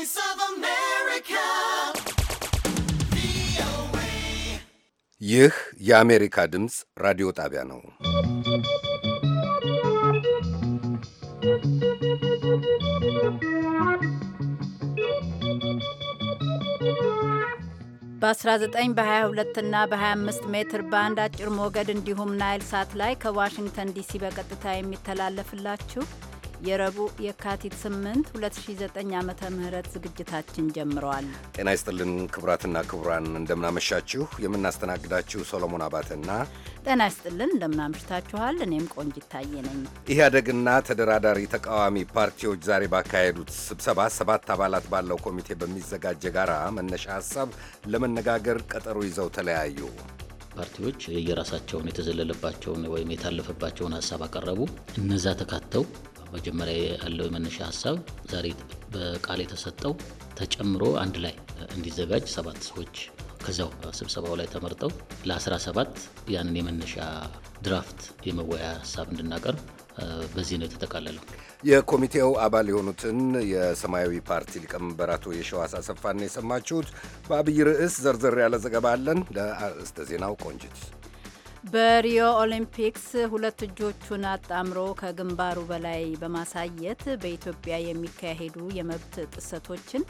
Voice of America. ይህ የአሜሪካ ድምፅ ራዲዮ ጣቢያ ነው። በ19 በ22 እና በ25 ሜትር ባንድ አጭር ሞገድ እንዲሁም ናይል ሳት ላይ ከዋሽንግተን ዲሲ በቀጥታ የሚተላለፍላችሁ የረቡዕ የካቲት 8 2009 ዓ ም ዝግጅታችን ጀምረዋል። ጤና ይስጥልን ክቡራትና ክቡራን፣ እንደምናመሻችሁ። የምናስተናግዳችሁ ሶሎሞን አባተና ጤና ይስጥልን እንደምናምሽታችኋል። እኔም ቆንጅ ታዬ ነኝ። ኢህአዴግና ተደራዳሪ ተቃዋሚ ፓርቲዎች ዛሬ ባካሄዱት ስብሰባ ሰባት አባላት ባለው ኮሚቴ በሚዘጋጀ ጋራ መነሻ ሀሳብ ለመነጋገር ቀጠሮ ይዘው ተለያዩ። ፓርቲዎች የየራሳቸውን የተዘለለባቸውን ወይም የታለፈባቸውን ሀሳብ አቀረቡ። እነዛ ተካተው መጀመሪያ ያለው የመነሻ ሀሳብ ዛሬ በቃል የተሰጠው ተጨምሮ አንድ ላይ እንዲዘጋጅ ሰባት ሰዎች ከዚያው ስብሰባው ላይ ተመርጠው ለ17 ያንን የመነሻ ድራፍት የመወያ ሀሳብ እንድናቀርብ በዚህ ነው የተጠቃለለው። የኮሚቴው አባል የሆኑትን የሰማያዊ ፓርቲ ሊቀመንበር አቶ የሸዋስ አሰፋን የሰማችሁት። በአብይ ርዕስ ዘርዘር ያለ ዘገባ አለን። ለአርዕስተ ዜናው ቆንጅት በሪዮ ኦሊምፒክስ ሁለት እጆቹን አጣምሮ ከግንባሩ በላይ በማሳየት በኢትዮጵያ የሚካሄዱ የመብት ጥሰቶችን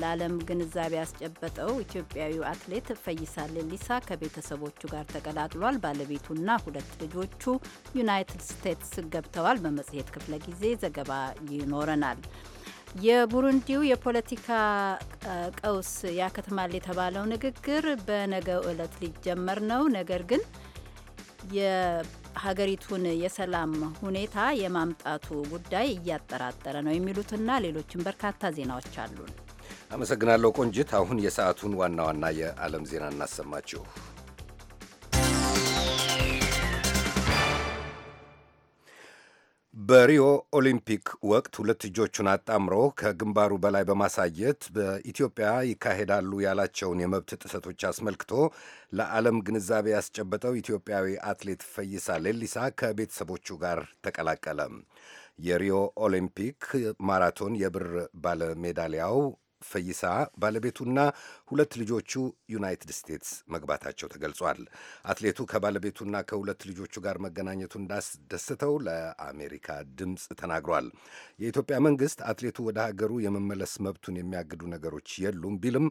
ለዓለም ግንዛቤ ያስጨበጠው ኢትዮጵያዊው አትሌት ፈይሳ ሌሊሳ ከቤተሰቦቹ ጋር ተቀላቅሏል። ባለቤቱና ሁለት ልጆቹ ዩናይትድ ስቴትስ ገብተዋል። በመጽሔት ክፍለ ጊዜ ዘገባ ይኖረናል። የቡሩንዲው የፖለቲካ ቀውስ ያከትማል የተባለው ንግግር በነገው ዕለት ሊጀመር ነው። ነገር ግን የሀገሪቱን የሰላም ሁኔታ የማምጣቱ ጉዳይ እያጠራጠረ ነው የሚሉትና ሌሎችም በርካታ ዜናዎች አሉን። አመሰግናለሁ ቆንጅት አሁን የሰዓቱን ዋና ዋና የዓለም ዜና እናሰማችሁ። በሪዮ ኦሊምፒክ ወቅት ሁለት እጆቹን አጣምሮ ከግንባሩ በላይ በማሳየት በኢትዮጵያ ይካሄዳሉ ያላቸውን የመብት ጥሰቶች አስመልክቶ ለዓለም ግንዛቤ ያስጨበጠው ኢትዮጵያዊ አትሌት ፈይሳ ሌሊሳ ከቤተሰቦቹ ጋር ተቀላቀለ። የሪዮ ኦሊምፒክ ማራቶን የብር ባለሜዳሊያው ፈይሳ ባለቤቱና ሁለት ልጆቹ ዩናይትድ ስቴትስ መግባታቸው ተገልጿል። አትሌቱ ከባለቤቱና ከሁለት ልጆቹ ጋር መገናኘቱ እንዳስደስተው ለአሜሪካ ድምፅ ተናግሯል። የኢትዮጵያ መንግስት አትሌቱ ወደ ሀገሩ የመመለስ መብቱን የሚያግዱ ነገሮች የሉም ቢልም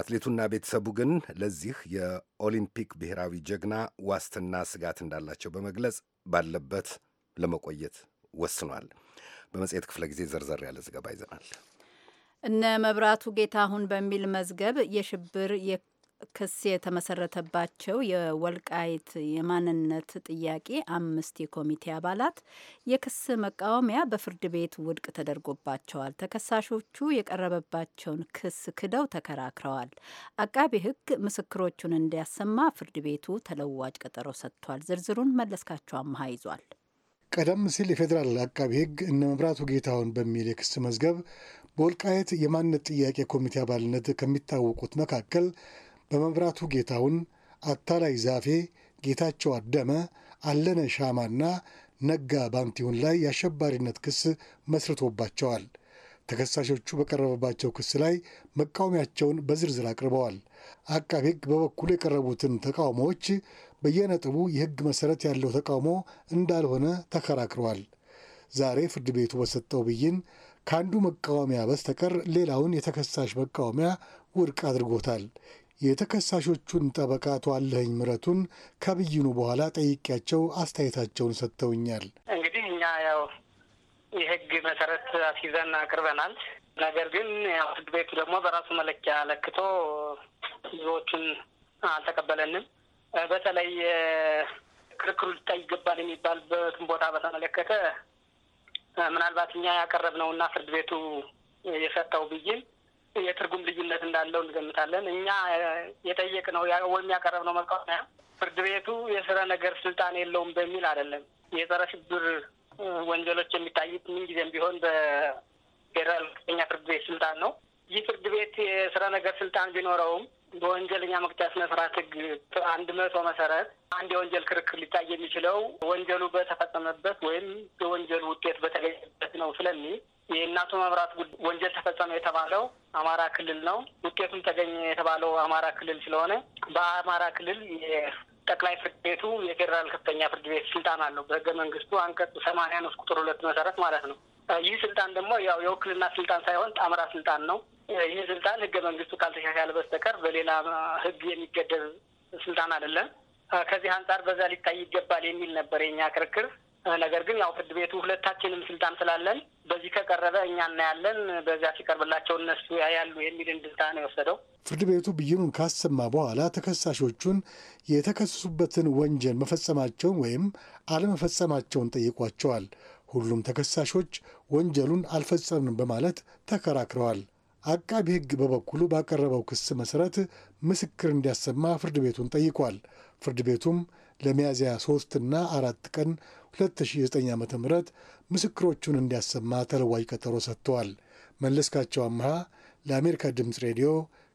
አትሌቱና ቤተሰቡ ግን ለዚህ የኦሊምፒክ ብሔራዊ ጀግና ዋስትና ስጋት እንዳላቸው በመግለጽ ባለበት ለመቆየት ወስኗል። በመጽሔት ክፍለ ጊዜ ዘርዘር ያለ ዘገባ ይዘናል። እነ መብራቱ ጌታሁን በሚል መዝገብ የሽብር ክስ የተመሰረተባቸው የወልቃይት የማንነት ጥያቄ አምስት የኮሚቴ አባላት የክስ መቃወሚያ በፍርድ ቤት ውድቅ ተደርጎባቸዋል። ተከሳሾቹ የቀረበባቸውን ክስ ክደው ተከራክረዋል። አቃቢ ሕግ ምስክሮቹን እንዲያሰማ ፍርድ ቤቱ ተለዋጭ ቀጠሮ ሰጥቷል። ዝርዝሩን መለስካቸው አመሃ ይዟል። ቀደም ሲል የፌዴራል አቃቢ ሕግ እነ መብራቱ ጌታሁን በሚል የክስ መዝገብ በወልቃየት የማንነት ጥያቄ ኮሚቴ አባልነት ከሚታወቁት መካከል በመብራቱ ጌታውን፣ አታላይ ዛፌ፣ ጌታቸው አደመ፣ አለነ ሻማና ነጋ ባንቲሁን ላይ የአሸባሪነት ክስ መስርቶባቸዋል። ተከሳሾቹ በቀረበባቸው ክስ ላይ መቃወሚያቸውን በዝርዝር አቅርበዋል። አቃቤ ሕግ በበኩሉ የቀረቡትን ተቃውሞዎች በየነጥቡ የሕግ መሠረት ያለው ተቃውሞ እንዳልሆነ ተከራክረዋል። ዛሬ ፍርድ ቤቱ በሰጠው ብይን ከአንዱ መቃወሚያ በስተቀር ሌላውን የተከሳሽ መቃወሚያ ውድቅ አድርጎታል። የተከሳሾቹን ጠበቃ አቶ አለኸኝ ምረቱን ከብይኑ በኋላ ጠይቄያቸው አስተያየታቸውን ሰጥተውኛል። እንግዲህ እኛ ያው የህግ መሰረት አስይዘን አቅርበናል። ነገር ግን ያው ፍርድ ቤቱ ደግሞ በራሱ መለኪያ ለክቶ ብዙዎቹን አልተቀበለንም። በተለይ ክርክሩ ሊታይ ይገባል የሚባልበትን ቦታ በተመለከተ ምናልባት እኛ እና ፍርድ ቤቱ የሰጠው ብይን የትርጉም ልዩነት እንዳለው እንገምታለን። እኛ የጠየቅነው ወይም ያቀረብነው መቃወሚያ ፍርድ ቤቱ የስረ ነገር ስልጣን የለውም በሚል አይደለም። የጸረ ሽብር ወንጀሎች የሚታዩት ምን ቢሆን በፌደራል ከፍተኛ ፍርድ ቤት ስልጣን ነው። ይህ ፍርድ ቤት የስረ ነገር ስልጣን ቢኖረውም በወንጀለኛ መቅጫ ስነ ስርዓት ህግ አንድ መቶ መሰረት አንድ የወንጀል ክርክር ሊታይ የሚችለው ወንጀሉ በተፈጸመበት ወይም የወንጀሉ ውጤት በተገኘበት ነው ስለሚል የእናቱ መብራት ወንጀል ተፈጸመ የተባለው አማራ ክልል ነው። ውጤቱም ተገኘ የተባለው አማራ ክልል ስለሆነ በአማራ ክልል ጠቅላይ ፍርድ ቤቱ የፌዴራል ከፍተኛ ፍርድ ቤት ስልጣን አለው በህገ መንግስቱ አንቀጽ ሰማንያ ንዑስ ቁጥር ሁለት መሰረት ማለት ነው። ይህ ስልጣን ደግሞ ያው የውክልና ስልጣን ሳይሆን ጣምራ ስልጣን ነው። ይህ ስልጣን ህገ መንግስቱ ካልተሻሻለ በስተቀር በሌላ ህግ የሚገደብ ስልጣን አይደለም። ከዚህ አንጻር በዛ ሊታይ ይገባል የሚል ነበር የኛ ክርክር። ነገር ግን ያው ፍርድ ቤቱ ሁለታችንም ስልጣን ስላለን በዚህ ከቀረበ እኛ እናያለን፣ በዚያ ሲቀርብላቸው እነሱ ያያሉ የሚል እንድልታ ነው የወሰደው። ፍርድ ቤቱ ብይኑን ካሰማ በኋላ ተከሳሾቹን የተከሰሱበትን ወንጀል መፈጸማቸውን ወይም አለመፈጸማቸውን ጠይቋቸዋል። ሁሉም ተከሳሾች ወንጀሉን አልፈጸምንም በማለት ተከራክረዋል። አቃቢ ሕግ በበኩሉ ባቀረበው ክስ መሠረት ምስክር እንዲያሰማ ፍርድ ቤቱን ጠይቋል። ፍርድ ቤቱም ለሚያዝያ 3 አራት 4 ቀን 2009 ዓ ም ምስክሮቹን እንዲያሰማ ተለዋጭ ቀጠሮ ሰጥተዋል። መለስካቸው አምሃ ለአሜሪካ ድምፅ ሬዲዮ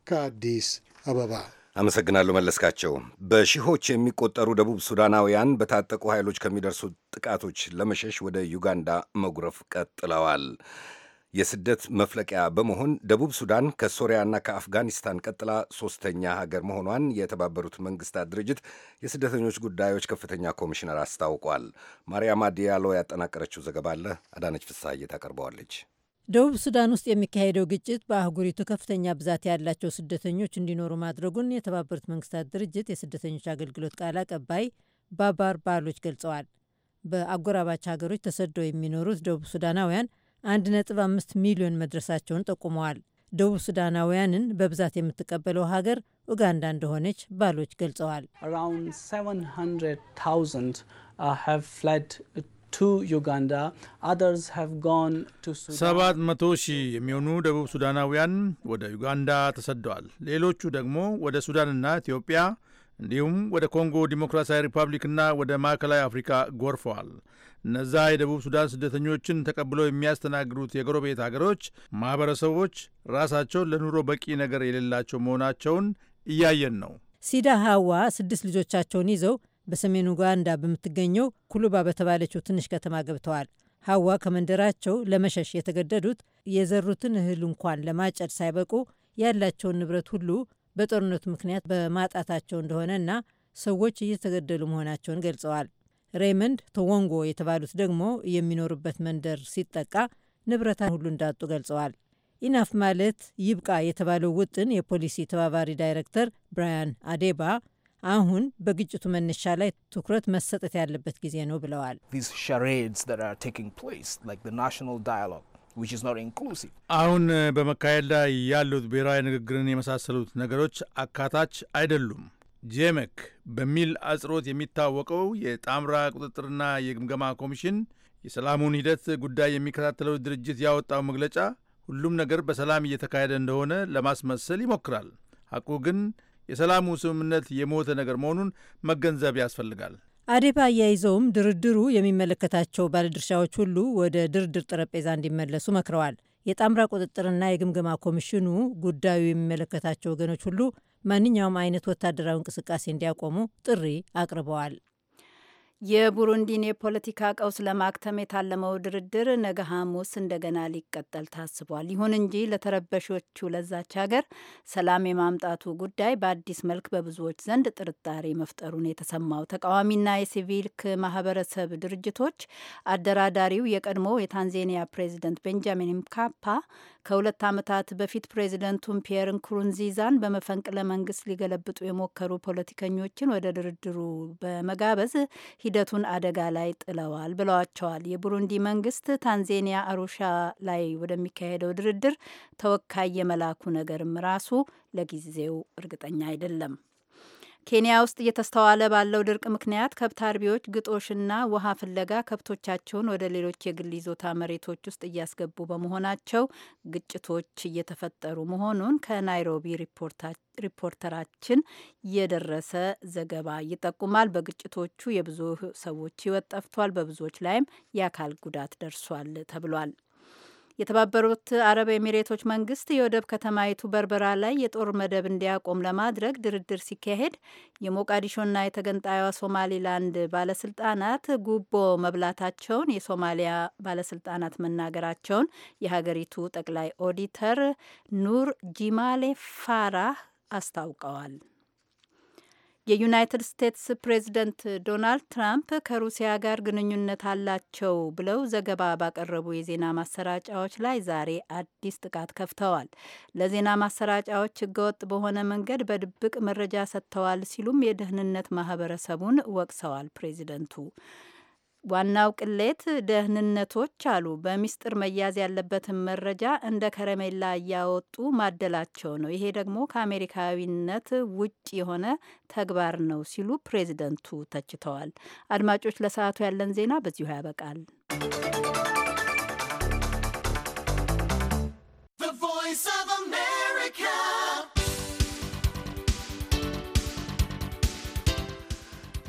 ከአዲስ አበባ አመሰግናለሁ መለስካቸው። በሺሆች የሚቆጠሩ ደቡብ ሱዳናውያን በታጠቁ ኃይሎች ከሚደርሱ ጥቃቶች ለመሸሽ ወደ ዩጋንዳ መጉረፍ ቀጥለዋል። የስደት መፍለቂያ በመሆን ደቡብ ሱዳን ከሶሪያና ከአፍጋኒስታን ቀጥላ ሶስተኛ ሀገር መሆኗን የተባበሩት መንግስታት ድርጅት የስደተኞች ጉዳዮች ከፍተኛ ኮሚሽነር አስታውቋል። ማርያማ ዲያሎ ያጠናቀረችው ዘገባ አለ አዳነች ፍሳ ታቀርበዋለች። ደቡብ ሱዳን ውስጥ የሚካሄደው ግጭት በአህጉሪቱ ከፍተኛ ብዛት ያላቸው ስደተኞች እንዲኖሩ ማድረጉን የተባበሩት መንግስታት ድርጅት የስደተኞች አገልግሎት ቃል አቀባይ ባባር ባሎች ገልጸዋል። በአጎራባች ሀገሮች ተሰደው የሚኖሩት ደቡብ ሱዳናውያን 1.5 ሚሊዮን መድረሳቸውን ጠቁመዋል። ደቡብ ሱዳናውያንን በብዛት የምትቀበለው ሀገር ኡጋንዳ እንደሆነች ባሎች ገልጸዋል። ሰባት መቶ ሺህ የሚሆኑ ደቡብ ሱዳናውያን ወደ ዩጋንዳ ተሰደዋል። ሌሎቹ ደግሞ ወደ ሱዳንና ኢትዮጵያ እንዲሁም ወደ ኮንጎ ዲሞክራሲያዊ ሪፐብሊክና ወደ ማዕከላዊ አፍሪካ ጎርፈዋል። እነዛ የደቡብ ሱዳን ስደተኞችን ተቀብለው የሚያስተናግዱት የጎረቤት አገሮች ማኅበረሰቦች ራሳቸው ለኑሮ በቂ ነገር የሌላቸው መሆናቸውን እያየን ነው። ሲዳ ሀዋ ስድስት ልጆቻቸውን ይዘው በሰሜን ኡጋንዳ በምትገኘው ኩሉባ በተባለችው ትንሽ ከተማ ገብተዋል። ሀዋ ከመንደራቸው ለመሸሽ የተገደዱት የዘሩትን እህል እንኳን ለማጨድ ሳይበቁ ያላቸውን ንብረት ሁሉ በጦርነቱ ምክንያት በማጣታቸው እንደሆነና ሰዎች እየተገደሉ መሆናቸውን ገልጸዋል። ሬይመንድ ተወንጎ የተባሉት ደግሞ የሚኖሩበት መንደር ሲጠቃ ንብረታ ሁሉ እንዳጡ ገልጸዋል። ኢናፍ ማለት ይብቃ የተባለው ውጥን የፖሊሲ ተባባሪ ዳይሬክተር ብራያን አዴባ አሁን በግጭቱ መነሻ ላይ ትኩረት መሰጠት ያለበት ጊዜ ነው ብለዋል። አሁን uh, በመካሄድ ላይ ያሉት ብሔራዊ ንግግርን የመሳሰሉት ነገሮች አካታች አይደሉም። ጄመክ በሚል አጽሮት የሚታወቀው የጣምራ ቁጥጥርና የግምገማ ኮሚሽን የሰላሙን ሂደት ጉዳይ የሚከታተለው ድርጅት ያወጣው መግለጫ ሁሉም ነገር በሰላም እየተካሄደ እንደሆነ ለማስመሰል ይሞክራል። ሐቁ ግን የሰላሙ ስምምነት የሞተ ነገር መሆኑን መገንዘብ ያስፈልጋል። አዴባ አያይዘውም ድርድሩ የሚመለከታቸው ባለድርሻዎች ሁሉ ወደ ድርድር ጠረጴዛ እንዲመለሱ መክረዋል። የጣምራ ቁጥጥርና የግምገማ ኮሚሽኑ ጉዳዩ የሚመለከታቸው ወገኖች ሁሉ ማንኛውም አይነት ወታደራዊ እንቅስቃሴ እንዲያቆሙ ጥሪ አቅርበዋል። የቡሩንዲን የፖለቲካ ቀውስ ለማክተም የታለመው ድርድር ነገ ሐሙስ እንደገና ሊቀጠል ታስቧል። ይሁን እንጂ ለተረበሾቹ ለዛች ሀገር ሰላም የማምጣቱ ጉዳይ በአዲስ መልክ በብዙዎች ዘንድ ጥርጣሬ መፍጠሩን የተሰማው ተቃዋሚና የሲቪልክ ማህበረሰብ ድርጅቶች አደራዳሪው የቀድሞ የታንዜኒያ ፕሬዚደንት ቤንጃሚን ምካፓ ከሁለት ዓመታት በፊት ፕሬዚደንቱን ፒየር ንኩሩንዚዛን በመፈንቅለ መንግስት ሊገለብጡ የሞከሩ ፖለቲከኞችን ወደ ድርድሩ በመጋበዝ ሂደቱን አደጋ ላይ ጥለዋል ብለዋቸዋል። የቡሩንዲ መንግስት ታንዜኒያ አሩሻ ላይ ወደሚካሄደው ድርድር ተወካይ የመላኩ ነገርም ራሱ ለጊዜው እርግጠኛ አይደለም። ኬንያ ውስጥ እየተስተዋለ ባለው ድርቅ ምክንያት ከብት አርቢዎች ግጦሽና ውሃ ፍለጋ ከብቶቻቸውን ወደ ሌሎች የግል ይዞታ መሬቶች ውስጥ እያስገቡ በመሆናቸው ግጭቶች እየተፈጠሩ መሆኑን ከናይሮቢ ሪፖርተራችን የደረሰ ዘገባ ይጠቁማል። በግጭቶቹ የብዙ ሰዎች ሕይወት ጠፍቷል፣ በብዙዎች ላይም የአካል ጉዳት ደርሷል ተብሏል። የተባበሩት አረብ ኤሚሬቶች መንግስት የወደብ ከተማይቱ በርበራ ላይ የጦር መደብ እንዲያቆም ለማድረግ ድርድር ሲካሄድ የሞቃዲሾና የተገንጣዩዋ ሶማሊላንድ ባለስልጣናት ጉቦ መብላታቸውን የሶማሊያ ባለስልጣናት መናገራቸውን የሀገሪቱ ጠቅላይ ኦዲተር ኑር ጂማሌ ፋራህ አስታውቀዋል። የዩናይትድ ስቴትስ ፕሬዚደንት ዶናልድ ትራምፕ ከሩሲያ ጋር ግንኙነት አላቸው ብለው ዘገባ ባቀረቡ የዜና ማሰራጫዎች ላይ ዛሬ አዲስ ጥቃት ከፍተዋል። ለዜና ማሰራጫዎች ህገወጥ በሆነ መንገድ በድብቅ መረጃ ሰጥተዋል ሲሉም የደህንነት ማህበረሰቡን ወቅሰዋል ፕሬዚደንቱ ዋናው ቅሌት ደህንነቶች አሉ በሚስጥር መያዝ ያለበትን መረጃ እንደ ከረሜላ እያወጡ ማደላቸው ነው። ይሄ ደግሞ ከአሜሪካዊነት ውጭ የሆነ ተግባር ነው ሲሉ ፕሬዚደንቱ ተችተዋል። አድማጮች፣ ለሰዓቱ ያለን ዜና በዚሁ ያበቃል።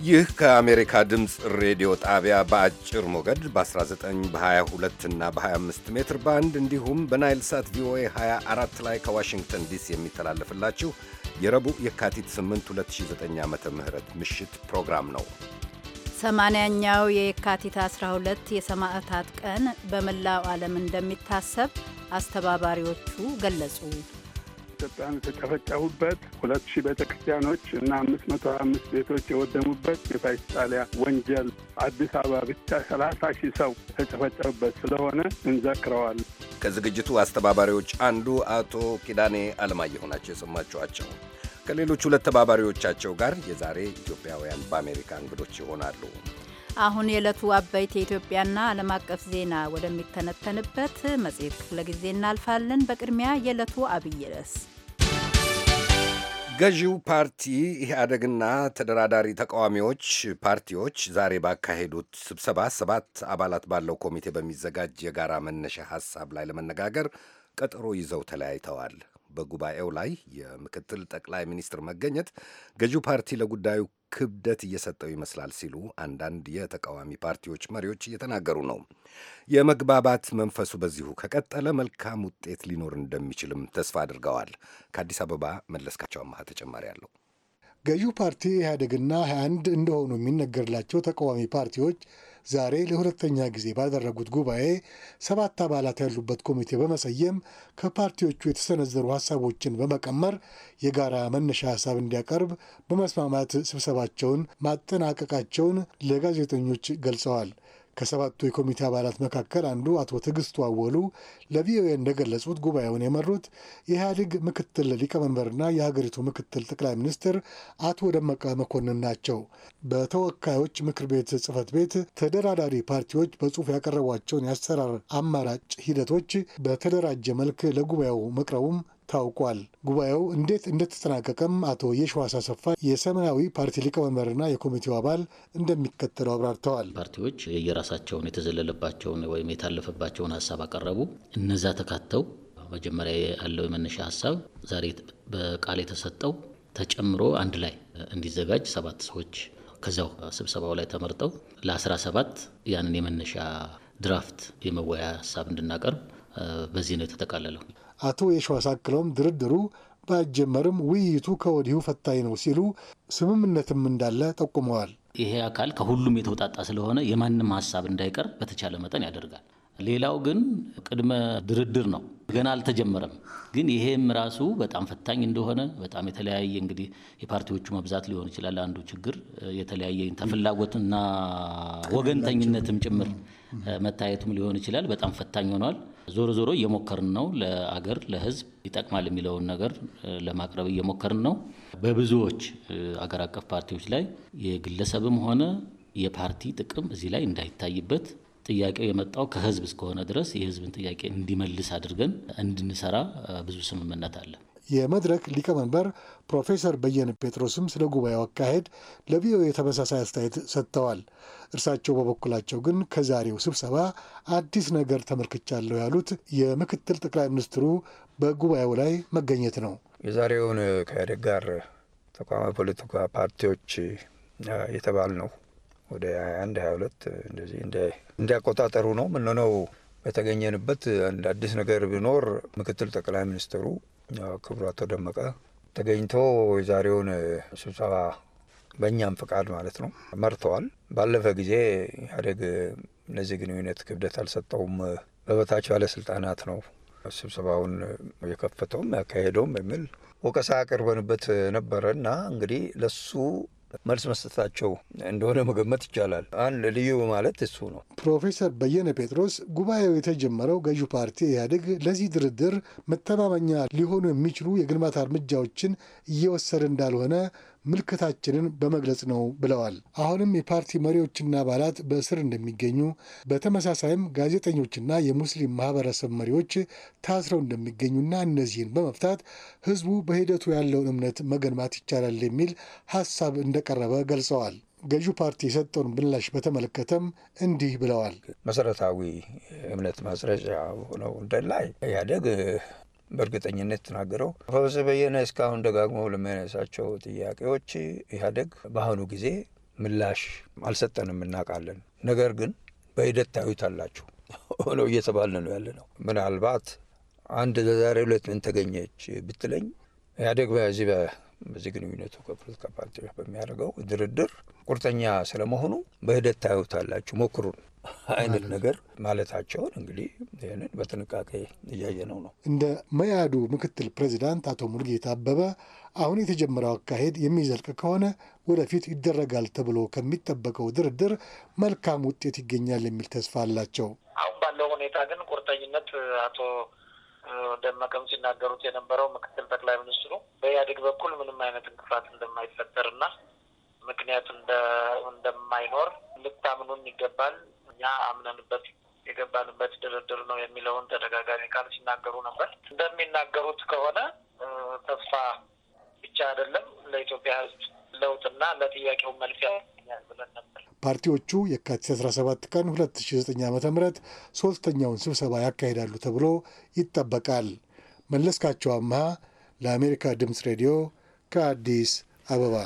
ይህ ከአሜሪካ ድምፅ ሬዲዮ ጣቢያ በአጭር ሞገድ በ19 በ22 እና በ25 ሜትር ባንድ እንዲሁም በናይል ሳት ቪኦኤ 24 ላይ ከዋሽንግተን ዲሲ የሚተላለፍላችሁ የረቡዕ የካቲት 8 2009 ዓ ም ምሽት ፕሮግራም ነው። 80ኛው የካቲት 12 የሰማዕታት ቀን በመላው ዓለም እንደሚታሰብ አስተባባሪዎቹ ገለጹ። ኢትዮጵያን የተጨፈጨፉበት ሁለት ሺህ ቤተ ክርስቲያኖች እና አምስት መቶ አምስት ቤቶች የወደሙበት የፋሺስት ወንጀል አዲስ አበባ ብቻ ሰላሳ ሺህ ሰው የተጨፈጨፉበት ስለሆነ እንዘክረዋል። ከዝግጅቱ አስተባባሪዎች አንዱ አቶ ኪዳኔ አለማየሁ ናቸው የሰማችኋቸው። ከሌሎች ሁለት ተባባሪዎቻቸው ጋር የዛሬ ኢትዮጵያውያን በአሜሪካ እንግዶች ይሆናሉ። አሁን የዕለቱ አበይት የኢትዮጵያና ዓለም አቀፍ ዜና ወደሚተነተንበት መጽሔት ክፍለ ጊዜ እናልፋለን። በቅድሚያ የዕለቱ አብይ ርዕስ ገዢው ፓርቲ ኢህአደግና ተደራዳሪ ተቃዋሚዎች ፓርቲዎች ዛሬ ባካሄዱት ስብሰባ ሰባት አባላት ባለው ኮሚቴ በሚዘጋጅ የጋራ መነሻ ሐሳብ ላይ ለመነጋገር ቀጠሮ ይዘው ተለያይተዋል። በጉባኤው ላይ የምክትል ጠቅላይ ሚኒስትር መገኘት ገዢው ፓርቲ ለጉዳዩ ክብደት እየሰጠው ይመስላል ሲሉ አንዳንድ የተቃዋሚ ፓርቲዎች መሪዎች እየተናገሩ ነው። የመግባባት መንፈሱ በዚሁ ከቀጠለ መልካም ውጤት ሊኖር እንደሚችልም ተስፋ አድርገዋል። ከአዲስ አበባ መለስካቸው አማሃ ተጨማሪ አለው። ገዢው ፓርቲ ኢህአዴግና አንድ እንደሆኑ የሚነገርላቸው ተቃዋሚ ፓርቲዎች ዛሬ ለሁለተኛ ጊዜ ባደረጉት ጉባኤ ሰባት አባላት ያሉበት ኮሚቴ በመሰየም ከፓርቲዎቹ የተሰነዘሩ ሀሳቦችን በመቀመር የጋራ መነሻ ሀሳብ እንዲያቀርብ በመስማማት ስብሰባቸውን ማጠናቀቃቸውን ለጋዜጠኞች ገልጸዋል። ከሰባቱ የኮሚቴ አባላት መካከል አንዱ አቶ ትዕግስቱ አወሉ ለቪኦኤ እንደገለጹት ጉባኤውን የመሩት የኢህአዴግ ምክትል ሊቀመንበርና የሀገሪቱ ምክትል ጠቅላይ ሚኒስትር አቶ ደመቀ መኮንን ናቸው። በተወካዮች ምክር ቤት ጽህፈት ቤት ተደራዳሪ ፓርቲዎች በጽሁፍ ያቀረቧቸውን የአሰራር አማራጭ ሂደቶች በተደራጀ መልክ ለጉባኤው መቅረቡም ታውቋል። ጉባኤው እንዴት እንደተጠናቀቀም አቶ የሸዋስ አሰፋ የሰማያዊ ፓርቲ ሊቀመንበርና የኮሚቴው አባል እንደሚከተለው አብራርተዋል። ፓርቲዎች የራሳቸውን የተዘለለባቸውን ወይም የታለፈባቸውን ሀሳብ አቀረቡ። እነዛ ተካተው መጀመሪያ ያለው የመነሻ ሀሳብ ዛሬ በቃል የተሰጠው ተጨምሮ አንድ ላይ እንዲዘጋጅ ሰባት ሰዎች ከዛው ስብሰባው ላይ ተመርጠው ለ17 ያንን የመነሻ ድራፍት የመወያ ሀሳብ እንድናቀርብ በዚህ ነው የተጠቃለለው። አቶ የሸዋስ አክለውም ድርድሩ ባይጀመርም ውይይቱ ከወዲሁ ፈታኝ ነው ሲሉ ስምምነትም እንዳለ ጠቁመዋል። ይሄ አካል ከሁሉም የተውጣጣ ስለሆነ የማንም ሀሳብ እንዳይቀር በተቻለ መጠን ያደርጋል። ሌላው ግን ቅድመ ድርድር ነው፣ ገና አልተጀመረም። ግን ይሄም ራሱ በጣም ፈታኝ እንደሆነ በጣም የተለያየ እንግዲህ የፓርቲዎቹ መብዛት ሊሆን ይችላል አንዱ ችግር፣ የተለያየ ፍላጎትና ወገንተኝነትም ጭምር መታየቱም ሊሆን ይችላል። በጣም ፈታኝ ሆኗል። ዞሮ ዞሮ እየሞከርን ነው። ለአገር ለህዝብ ይጠቅማል የሚለውን ነገር ለማቅረብ እየሞከርን ነው። በብዙዎች አገር አቀፍ ፓርቲዎች ላይ የግለሰብም ሆነ የፓርቲ ጥቅም እዚህ ላይ እንዳይታይበት ጥያቄው የመጣው ከህዝብ እስከሆነ ድረስ የህዝብን ጥያቄ እንዲመልስ አድርገን እንድንሰራ ብዙ ስምምነት አለ። የመድረክ ሊቀመንበር ፕሮፌሰር በየነ ጴጥሮስም ስለ ጉባኤው አካሄድ ለቪኦኤ ተመሳሳይ አስተያየት ሰጥተዋል። እርሳቸው በበኩላቸው ግን ከዛሬው ስብሰባ አዲስ ነገር ተመልክቻለሁ ያሉት የምክትል ጠቅላይ ሚኒስትሩ በጉባኤው ላይ መገኘት ነው። የዛሬውን ከኢህአዴግ ጋር ተቋማዊ ፖለቲካ ፓርቲዎች የተባል ነው ወደ 21 22 እንደዚህ እንዲያቆጣጠሩ ነው ምንሆነው በተገኘንበት አንድ አዲስ ነገር ቢኖር ምክትል ጠቅላይ ሚኒስትሩ ክቡር አቶ ደመቀ ተገኝቶ የዛሬውን ስብሰባ በእኛም ፍቃድ ማለት ነው መርተዋል። ባለፈ ጊዜ ኢህአዴግ ለዚህ ግንኙነት ክብደት አልሰጠውም፣ በበታች ባለስልጣናት ነው ስብሰባውን የከፈተውም ያካሄደውም የሚል ወቀሳ አቅርበንበት ነበረ እና እንግዲህ ለሱ መልስ መስጠታቸው እንደሆነ መገመት ይቻላል። አንድ ልዩ ማለት እሱ ነው። ፕሮፌሰር በየነ ጴጥሮስ ጉባኤው የተጀመረው ገዢው ፓርቲ ኢህአዴግ ለዚህ ድርድር መተማመኛ ሊሆኑ የሚችሉ የግንባታ እርምጃዎችን እየወሰደ እንዳልሆነ ምልክታችንን በመግለጽ ነው ብለዋል። አሁንም የፓርቲ መሪዎችና አባላት በእስር እንደሚገኙ በተመሳሳይም ጋዜጠኞችና የሙስሊም ማህበረሰብ መሪዎች ታስረው እንደሚገኙና እነዚህን በመፍታት ህዝቡ በሂደቱ ያለውን እምነት መገንባት ይቻላል የሚል ሀሳብ እንደቀረበ ገልጸዋል። ገዢው ፓርቲ የሰጠውን ምላሽ በተመለከተም እንዲህ ብለዋል። መሰረታዊ እምነት ማስረጫ ሆነው እንደላይ ኢህአዴግ በእርግጠኝነት ተናገረው። ፈውሰ በየነ እስካሁን ደጋግሞ ለሚያነሳቸው ጥያቄዎች ኢህአዴግ በአሁኑ ጊዜ ምላሽ አልሰጠንም፣ እናውቃለን። ነገር ግን በሂደት ታዩታላችሁ ሆነው እየተባልን ነው ያለ ነው። ምናልባት አንድ ለዛሬ ሁለት ምን ተገኘች ብትለኝ ኢህአዴግ በዚህ በዚህ ግንኙነቱ ከፖለቲካ ፓርቲዎች በሚያደርገው ድርድር ቁርጠኛ ስለመሆኑ በሂደት ታዩታላችሁ፣ ሞክሩን አይነት ነገር ማለታቸውን እንግዲህ ይህንን በጥንቃቄ እያየነው ነው። እንደ መያዱ ምክትል ፕሬዚዳንት አቶ ሙልጌ አበበ አሁን የተጀመረው አካሄድ የሚዘልቅ ከሆነ ወደፊት ይደረጋል ተብሎ ከሚጠበቀው ድርድር መልካም ውጤት ይገኛል የሚል ተስፋ አላቸው። አሁን ባለው ሁኔታ ግን ቁርጠኝነት አቶ ደመቀም ሲናገሩት የነበረው ምክትል ጠቅላይ ሚኒስትሩ በኢህአዴግ በኩል ምንም አይነት እንቅፋት እንደማይፈጠርና ምክንያት እንደማይኖር ልታምኑን ይገባል እኛ አምነንበት የገባንበት ድርድር ነው የሚለውን ተደጋጋሚ ቃል ሲናገሩ ነበር። እንደሚናገሩት ከሆነ ተስፋ ብቻ አይደለም ለኢትዮጵያ ሕዝብ ለውጥና ለጥያቄው መልስ ያገኛል ብለን ነበር። ፓርቲዎቹ የካቲት 17 ቀን 2009 ዓ ም ሶስተኛውን ስብሰባ ያካሂዳሉ ተብሎ ይጠበቃል። መለስካቸው አምሃ ለአሜሪካ ድምፅ ሬዲዮ ከአዲስ አበባ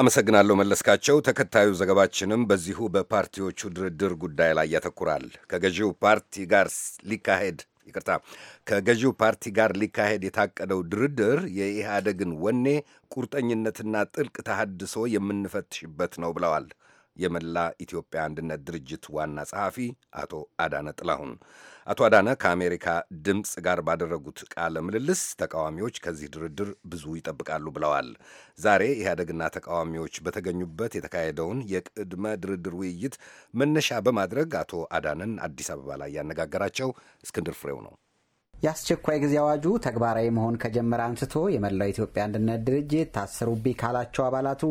አመሰግናለሁ መለስካቸው። ተከታዩ ዘገባችንም በዚሁ በፓርቲዎቹ ድርድር ጉዳይ ላይ ያተኩራል። ከገዢው ፓርቲ ጋር ሊካሄድ ይቅርታ፣ ከገዢው ፓርቲ ጋር ሊካሄድ የታቀደው ድርድር የኢህአደግን ወኔ ቁርጠኝነትና ጥልቅ ተሃድሶ የምንፈትሽበት ነው ብለዋል የመላ ኢትዮጵያ አንድነት ድርጅት ዋና ጸሐፊ አቶ አዳነ ጥላሁን። አቶ አዳነ ከአሜሪካ ድምፅ ጋር ባደረጉት ቃለ ምልልስ ተቃዋሚዎች ከዚህ ድርድር ብዙ ይጠብቃሉ ብለዋል። ዛሬ ኢህአደግና ተቃዋሚዎች በተገኙበት የተካሄደውን የቅድመ ድርድር ውይይት መነሻ በማድረግ አቶ አዳነን አዲስ አበባ ላይ ያነጋገራቸው እስክንድር ፍሬው ነው። የአስቸኳይ ጊዜ አዋጁ ተግባራዊ መሆን ከጀመረ አንስቶ የመላው ኢትዮጵያ አንድነት ድርጅት ታሰሩብኝ ካላቸው አባላቱ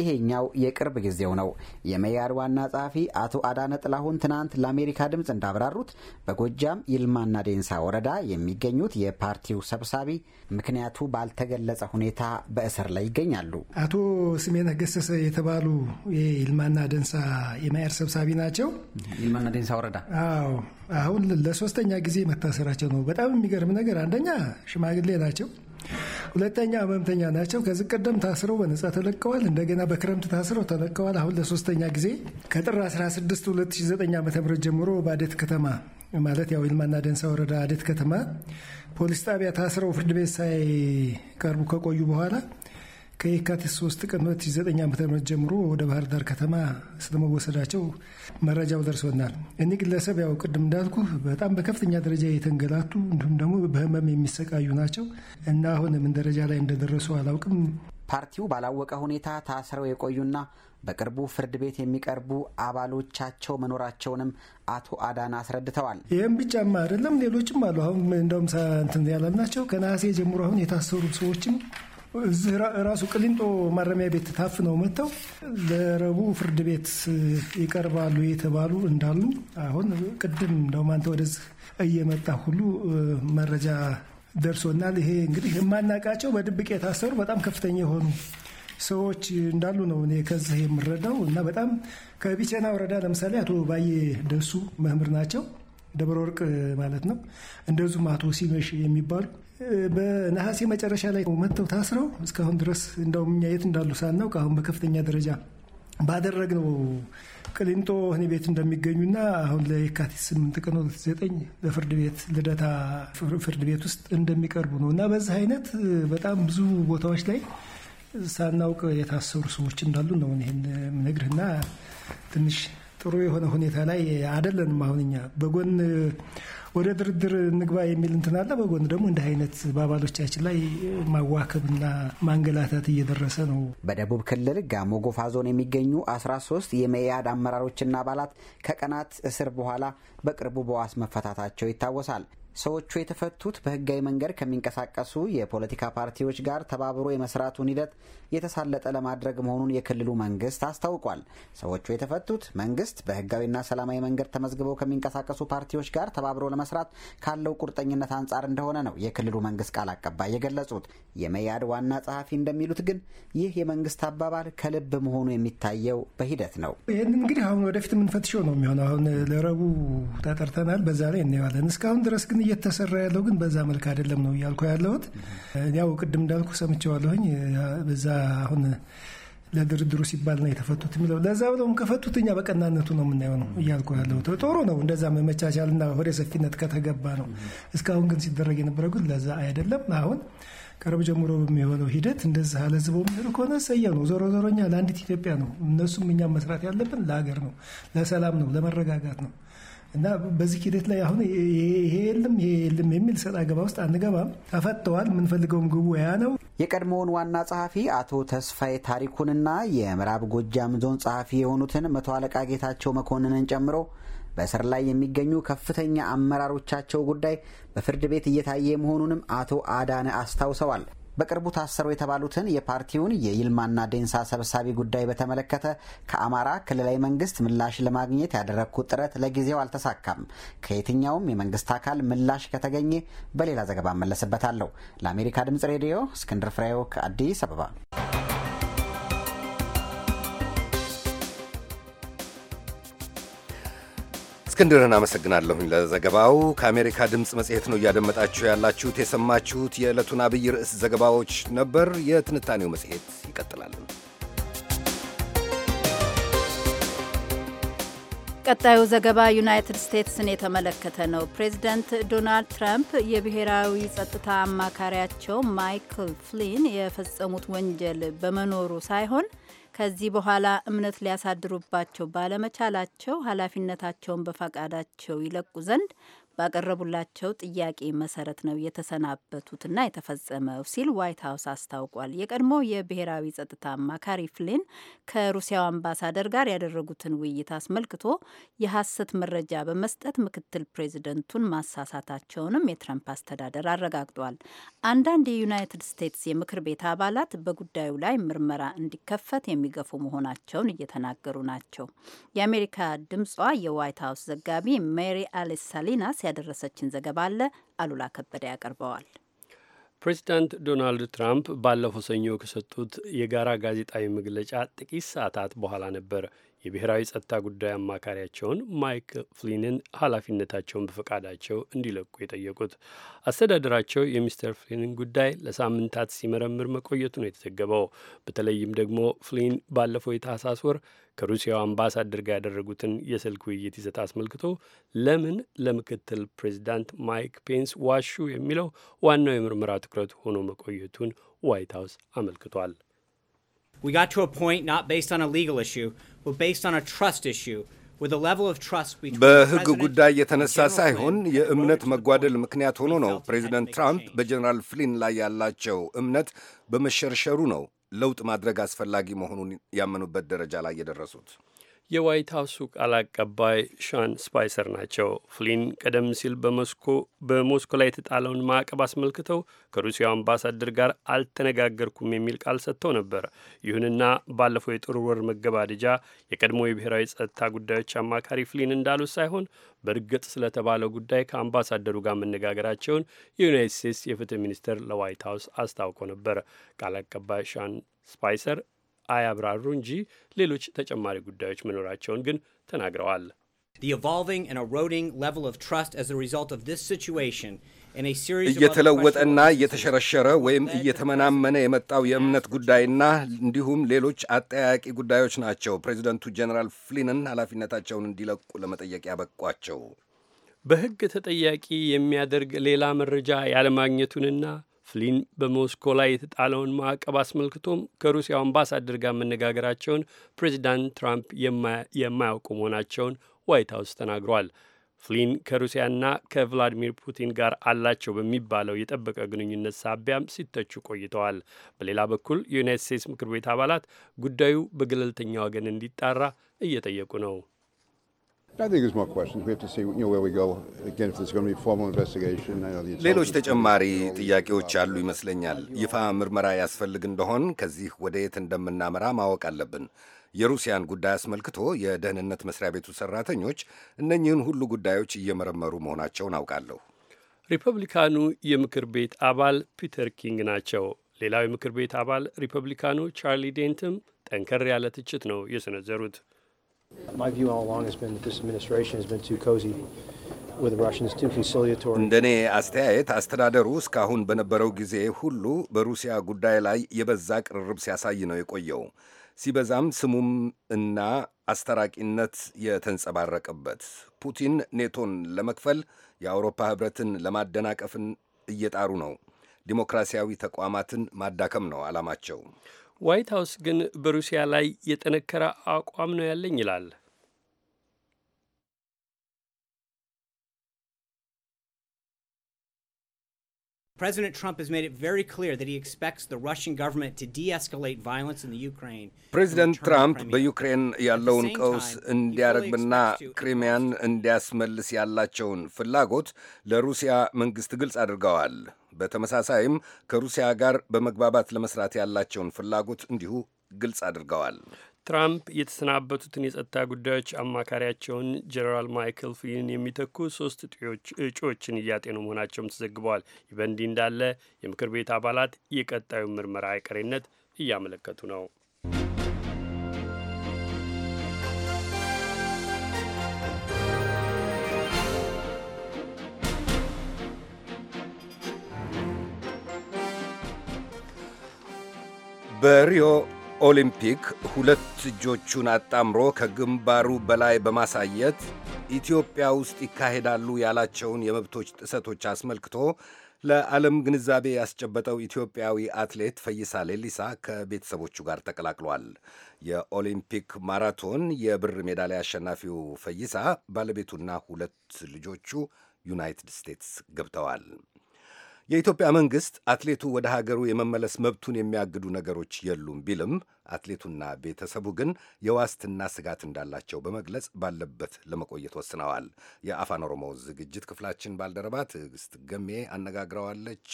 ይሄኛው የቅርብ ጊዜው ነው። የመያድ ዋና ጸሐፊ አቶ አዳነ ጥላሁን ትናንት ለአሜሪካ ድምፅ እንዳብራሩት በጎጃም ይልማና ዴንሳ ወረዳ የሚገኙት የፓርቲው ሰብሳቢ ምክንያቱ ባልተገለጸ ሁኔታ በእስር ላይ ይገኛሉ። አቶ ስሜነህ ገሰሰ የተባሉ የይልማና ደንሳ የመያድ ሰብሳቢ ናቸው። ይልማና ዴንሳ ወረዳ አሁን ለሶስተኛ ጊዜ መታሰራቸው ነው በጣም በጣም የሚገርም ነገር አንደኛ ሽማግሌ ናቸው፣ ሁለተኛ ህመምተኛ ናቸው። ከዚህ ቀደም ታስረው በነጻ ተለቀዋል። እንደገና በክረምት ታስረው ተለቀዋል። አሁን ለሶስተኛ ጊዜ ከጥር 16 2009 ዓ ም ጀምሮ በአዴት ከተማ ማለት ያው ይልማና ደንሳ ወረዳ አዴት ከተማ ፖሊስ ጣቢያ ታስረው ፍርድ ቤት ሳይቀርቡ ከቆዩ በኋላ ከየካቲት 3 ቀን 2009 ዓ.ም ጀምሮ ወደ ባህር ዳር ከተማ ስለመወሰዳቸው መረጃው ደርሶናል። እኒህ ግለሰብ ያው ቅድም እንዳልኩ በጣም በከፍተኛ ደረጃ የተንገላቱ እንዲሁም ደግሞ በህመም የሚሰቃዩ ናቸው እና አሁን ምን ደረጃ ላይ እንደደረሱ አላውቅም። ፓርቲው ባላወቀ ሁኔታ ታስረው የቆዩና በቅርቡ ፍርድ ቤት የሚቀርቡ አባሎቻቸው መኖራቸውንም አቶ አዳና አስረድተዋል። ይህም ብቻማ አይደለም፣ ሌሎችም አሉ። አሁን እንደውም እንትን ያላልናቸው ከነሐሴ ጀምሮ አሁን የታሰሩ ሰዎችም እዚህ ራሱ ቅሊንጦ ማረሚያ ቤት ታፍነው መጥተው ለረቡዕ ፍርድ ቤት ይቀርባሉ የተባሉ እንዳሉ አሁን ቅድም እንደውም አንተ ወደዚህ እየመጣ ሁሉ መረጃ ደርሶናል። ይሄ እንግዲህ የማናውቃቸው በድብቅ የታሰሩ በጣም ከፍተኛ የሆኑ ሰዎች እንዳሉ ነው እኔ ከዚህ የምረዳው እና በጣም ከቢቸና ወረዳ ለምሳሌ አቶ ባዬ ደሱ መምህር ናቸው። ደብረ ወርቅ ማለት ነው። እንደዚሁም አቶ ሲመሽ የሚባሉ በነሐሴ መጨረሻ ላይ መጥተው ታስረው እስካሁን ድረስ እንደውም እኛ የት እንዳሉ ሳናውቅ አሁን በከፍተኛ ደረጃ ባደረግነው ቅሊንጦ ወህኒ ቤት እንደሚገኙና አሁን ለየካቲት ስምንት ቀን ዘጠኝ ቤት ልደታ ፍርድ ቤት ውስጥ እንደሚቀርቡ ነው እና በዚህ አይነት በጣም ብዙ ቦታዎች ላይ ሳናውቅ የታሰሩ ሰዎች እንዳሉ ነው ይህን ምነግርህና ትንሽ ጥሩ የሆነ ሁኔታ ላይ አይደለንም። አሁን እኛ በጎን ወደ ድርድር ንግባ የሚል እንትን አለ። በጎን ደግሞ እንዲህ አይነት በአባሎቻችን ላይ ማዋከብና ማንገላታት እየደረሰ ነው። በደቡብ ክልል ጋሞ ጎፋ ዞን የሚገኙ 13 የመያድ አመራሮችና አባላት ከቀናት እስር በኋላ በቅርቡ በዋስ መፈታታቸው ይታወሳል። ሰዎቹ የተፈቱት በህጋዊ መንገድ ከሚንቀሳቀሱ የፖለቲካ ፓርቲዎች ጋር ተባብሮ የመስራቱን ሂደት የተሳለጠ ለማድረግ መሆኑን የክልሉ መንግስት አስታውቋል። ሰዎቹ የተፈቱት መንግስት በህጋዊና ሰላማዊ መንገድ ተመዝግበው ከሚንቀሳቀሱ ፓርቲዎች ጋር ተባብሮ ለመስራት ካለው ቁርጠኝነት አንጻር እንደሆነ ነው የክልሉ መንግስት ቃል አቀባይ የገለጹት። የመያድ ዋና ጸሐፊ እንደሚሉት ግን ይህ የመንግስት አባባል ከልብ መሆኑ የሚታየው በሂደት ነው። ይህን እንግዲህ አሁን ወደፊት የምንፈትሸው ነው የሚሆነው። አሁን ለረቡዕ ተጠርተናል፣ በዛ ላይ እናየዋለን። እስካሁን ድረስ ግን እየተሰራ ያለው ግን በዛ መልክ አይደለም ነው እያልኩ ያለሁት። ያው ቅድም እንዳልኩ ሰምቼዋለሁኝ በዛ አሁን ለድርድሩ ሲባል ነው የተፈቱት የሚለው ለዛ ብለውም ከፈቱት እኛ በቀናነቱ ነው የምናየው ነው እያልኩ ያለው ጥሩ ነው። እንደዛ መመቻቻልና ወደ ሰፊነት ከተገባ ነው። እስካሁን ግን ሲደረግ የነበረው ግን ለዛ አይደለም። አሁን ቀረብ ጀምሮ በሚሆነው ሂደት እንደዚህ አለ የሚሄዱ ከሆነ ሰየ ነው። ዞሮ ዞሮኛ ለአንዲት ኢትዮጵያ ነው። እነሱም እኛም መስራት ያለብን ለሀገር ነው፣ ለሰላም ነው፣ ለመረጋጋት ነው። እና በዚህ ሂደት ላይ አሁን ይሄ የለም ይሄ የለም የሚል ሰጥ አገባ ውስጥ አንገባም። ተፈተዋል። የምንፈልገውም ግቡ ያ ነው። የቀድሞውን ዋና ጸሐፊ አቶ ተስፋዬ ታሪኩንና የምዕራብ ጎጃም ዞን ጸሐፊ የሆኑትን መቶ አለቃ ጌታቸው መኮንንን ጨምሮ በእስር ላይ የሚገኙ ከፍተኛ አመራሮቻቸው ጉዳይ በፍርድ ቤት እየታየ መሆኑንም አቶ አዳነ አስታውሰዋል። በቅርቡ ታሰሩ የተባሉትን የፓርቲውን የይልማና ዴንሳ ሰብሳቢ ጉዳይ በተመለከተ ከአማራ ክልላዊ መንግስት ምላሽ ለማግኘት ያደረግኩት ጥረት ለጊዜው አልተሳካም። ከየትኛውም የመንግስት አካል ምላሽ ከተገኘ በሌላ ዘገባ እመለስበታለሁ። ለአሜሪካ ድምጽ ሬዲዮ እስክንድር ፍሬው ከአዲስ አበባ እስክንድርን አመሰግናለሁኝ ለዘገባው። ከአሜሪካ ድምፅ መጽሔት ነው እያደመጣችሁ ያላችሁት። የሰማችሁት የዕለቱን አብይ ርዕስ ዘገባዎች ነበር። የትንታኔው መጽሔት ይቀጥላል። ቀጣዩ ዘገባ ዩናይትድ ስቴትስን የተመለከተ ነው። ፕሬዚደንት ዶናልድ ትራምፕ የብሔራዊ ጸጥታ አማካሪያቸው ማይክል ፍሊን የፈጸሙት ወንጀል በመኖሩ ሳይሆን ከዚህ በኋላ እምነት ሊያሳድሩባቸው ባለመቻላቸው ኃላፊነታቸውን በፈቃዳቸው ይለቁ ዘንድ ባቀረቡላቸው ጥያቄ መሰረት ነው የተሰናበቱትና የተፈጸመው ሲል ዋይት ሀውስ አስታውቋል። የቀድሞ የብሔራዊ ጸጥታ አማካሪ ፍሊን ከሩሲያው አምባሳደር ጋር ያደረጉትን ውይይት አስመልክቶ የሐሰት መረጃ በመስጠት ምክትል ፕሬዚደንቱን ማሳሳታቸውንም የትረምፕ አስተዳደር አረጋግጧል። አንዳንድ የዩናይትድ ስቴትስ የምክር ቤት አባላት በጉዳዩ ላይ ምርመራ እንዲከፈት የሚገፉ መሆናቸውን እየተናገሩ ናቸው። የአሜሪካ ድምጿ የዋይት ሀውስ ዘጋቢ ሜሪ አሌስ ሳሊናስ ያደረሰችን ዘገባ አለ። አሉላ ከበደ ያቀርበዋል። ፕሬዚዳንት ዶናልድ ትራምፕ ባለፈው ሰኞ ከሰጡት የጋራ ጋዜጣዊ መግለጫ ጥቂት ሰዓታት በኋላ ነበር የብሔራዊ ጸጥታ ጉዳይ አማካሪያቸውን ማይክ ፍሊንን ኃላፊነታቸውን በፈቃዳቸው እንዲለቁ የጠየቁት አስተዳደራቸው የሚስተር ፍሊንን ጉዳይ ለሳምንታት ሲመረምር መቆየቱ ነው የተዘገበው። በተለይም ደግሞ ፍሊን ባለፈው የታህሳስ ወር ከሩሲያው አምባሳደር ጋር ያደረጉትን የስልክ ውይይት ይዘት አስመልክቶ ለምን ለምክትል ፕሬዚዳንት ማይክ ፔንስ ዋሹ የሚለው ዋናው የምርመራ ትኩረት ሆኖ መቆየቱን ዋይት ሀውስ አመልክቷል። We got to a point not based on a legal issue, በህግ ጉዳይ የተነሳ ሳይሆን የእምነት መጓደል ምክንያት ሆኖ ነው። ፕሬዚደንት ትራምፕ በጀነራል ፍሊን ላይ ያላቸው እምነት በመሸርሸሩ ነው ለውጥ ማድረግ አስፈላጊ መሆኑን ያመኑበት ደረጃ ላይ የደረሱት። የዋይት ሀውሱ ቃል አቀባይ ሻን ስፓይሰር ናቸው። ፍሊን ቀደም ሲል በሞስኮ ላይ የተጣለውን ማዕቀብ አስመልክተው ከሩሲያው አምባሳደር ጋር አልተነጋገርኩም የሚል ቃል ሰጥተው ነበር። ይሁንና ባለፈው የጥር ወር መገባደጃ የቀድሞ የብሔራዊ ጸጥታ ጉዳዮች አማካሪ ፍሊን እንዳሉት ሳይሆን በእርግጥ ስለተባለው ጉዳይ ከአምባሳደሩ ጋር መነጋገራቸውን የዩናይትድ ስቴትስ የፍትህ ሚኒስቴር ለዋይት ሀውስ አስታውቆ ነበር። ቃል አቀባይ ሻን ስፓይሰር አያብራሩ እንጂ ሌሎች ተጨማሪ ጉዳዮች መኖራቸውን ግን ተናግረዋል። እየተለወጠና እየተሸረሸረ ወይም እየተመናመነ የመጣው የእምነት ጉዳይና እንዲሁም ሌሎች አጠያቂ ጉዳዮች ናቸው ፕሬዚደንቱ ጀኔራል ፍሊንን ኃላፊነታቸውን እንዲለቁ ለመጠየቅ ያበቋቸው። በሕግ ተጠያቂ የሚያደርግ ሌላ መረጃ ያለማግኘቱንና ፍሊን በሞስኮ ላይ የተጣለውን ማዕቀብ አስመልክቶም ከሩሲያው አምባሳደር ጋር መነጋገራቸውን ፕሬዚዳንት ትራምፕ የማያውቁ መሆናቸውን ዋይት ሀውስ ተናግሯል። ፍሊን ከሩሲያና ከቭላዲሚር ፑቲን ጋር አላቸው በሚባለው የጠበቀ ግንኙነት ሳቢያም ሲተቹ ቆይተዋል። በሌላ በኩል የዩናይትድ ስቴትስ ምክር ቤት አባላት ጉዳዩ በገለልተኛ ወገን እንዲጣራ እየጠየቁ ነው። ሌሎች ተጨማሪ ጥያቄዎች ያሉ ይመስለኛል። ይፋ ምርመራ ያስፈልግ እንደሆን ከዚህ ወደ የት እንደምናመራ ማወቅ አለብን። የሩሲያን ጉዳይ አስመልክቶ የደህንነት መስሪያ ቤቱ ሰራተኞች እነኚህን ሁሉ ጉዳዮች እየመረመሩ መሆናቸውን አውቃለሁ። ሪፐብሊካኑ የምክር ቤት አባል ፒተር ኪንግ ናቸው። ሌላው የምክር ቤት አባል ሪፐብሊካኑ ቻርሊ ዴንትም ጠንከር ያለ ትችት ነው የሰነዘሩት። እንደኔ አስተያየት አስተዳደሩ እስካሁን በነበረው ጊዜ ሁሉ በሩሲያ ጉዳይ ላይ የበዛ ቅርርብ ሲያሳይ ነው የቆየው። ሲበዛም ስሙም እና አስተራቂነት የተንጸባረቀበት ፑቲን ኔቶን ለመክፈል የአውሮፓ ሕብረትን ለማደናቀፍን እየጣሩ ነው። ዲሞክራሲያዊ ተቋማትን ማዳከም ነው ዓላማቸው። ዋይት ሀውስ ግን በሩሲያ ላይ የጠነከረ አቋም ነው ያለኝ ይላል። President Trump has made it very clear that he expects the Russian government to de-escalate violence in the Ukraine. ፕሬዚደንት ትራምፕ በዩክሬን ያለውን ቀውስ እንዲያረግብና ክሪሚያን እንዲያስመልስ ያላቸውን ፍላጎት ለሩሲያ መንግስት ግልጽ አድርገዋል። በተመሳሳይም ከሩሲያ ጋር በመግባባት ለመስራት ያላቸውን ፍላጎት እንዲሁ ግልጽ አድርገዋል። ትራምፕ የተሰናበቱትን የጸጥታ ጉዳዮች አማካሪያቸውን ጀኔራል ማይክል ፍሊን የሚተኩ ሶስት እጩዎችን እያጤኑ መሆናቸውም ተዘግበዋል። ይህ በእንዲህ እንዳለ የምክር ቤት አባላት የቀጣዩ ምርመራ አይቀሬነት እያመለከቱ ነው። በሪዮ ኦሊምፒክ ሁለት እጆቹን አጣምሮ ከግንባሩ በላይ በማሳየት ኢትዮጵያ ውስጥ ይካሄዳሉ ያላቸውን የመብቶች ጥሰቶች አስመልክቶ ለዓለም ግንዛቤ ያስጨበጠው ኢትዮጵያዊ አትሌት ፈይሳ ሌሊሳ ከቤተሰቦቹ ጋር ተቀላቅሏል። የኦሊምፒክ ማራቶን የብር ሜዳሊያ አሸናፊው ፈይሳ ባለቤቱና ሁለት ልጆቹ ዩናይትድ ስቴትስ ገብተዋል። የኢትዮጵያ መንግሥት አትሌቱ ወደ ሀገሩ የመመለስ መብቱን የሚያግዱ ነገሮች የሉም ቢልም አትሌቱና ቤተሰቡ ግን የዋስትና ስጋት እንዳላቸው በመግለጽ ባለበት ለመቆየት ወስነዋል። የአፋን ኦሮሞ ዝግጅት ክፍላችን ባልደረባ ትዕግስት ገሜ አነጋግረዋለች።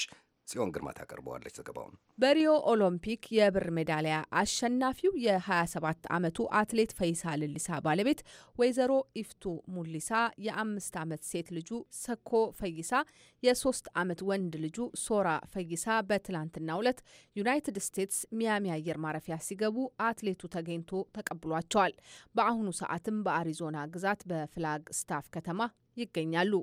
ጽዮን ግርማ ታቀርበዋለች ዘገባውን። በሪዮ ኦሎምፒክ የብር ሜዳሊያ አሸናፊው የ27 ዓመቱ አትሌት ፈይሳ ልሊሳ ባለቤት ወይዘሮ ኢፍቱ ሙሊሳ፣ የአምስት ዓመት ሴት ልጁ ሰኮ ፈይሳ፣ የሶስት ዓመት ወንድ ልጁ ሶራ ፈይሳ በትላንትናው ዕለት ዩናይትድ ስቴትስ ሚያሚ አየር ማረፊያ ሲገቡ አትሌቱ ተገኝቶ ተቀብሏቸዋል። በአሁኑ ሰዓትም በአሪዞና ግዛት በፍላግ ስታፍ ከተማ ይገኛሉ።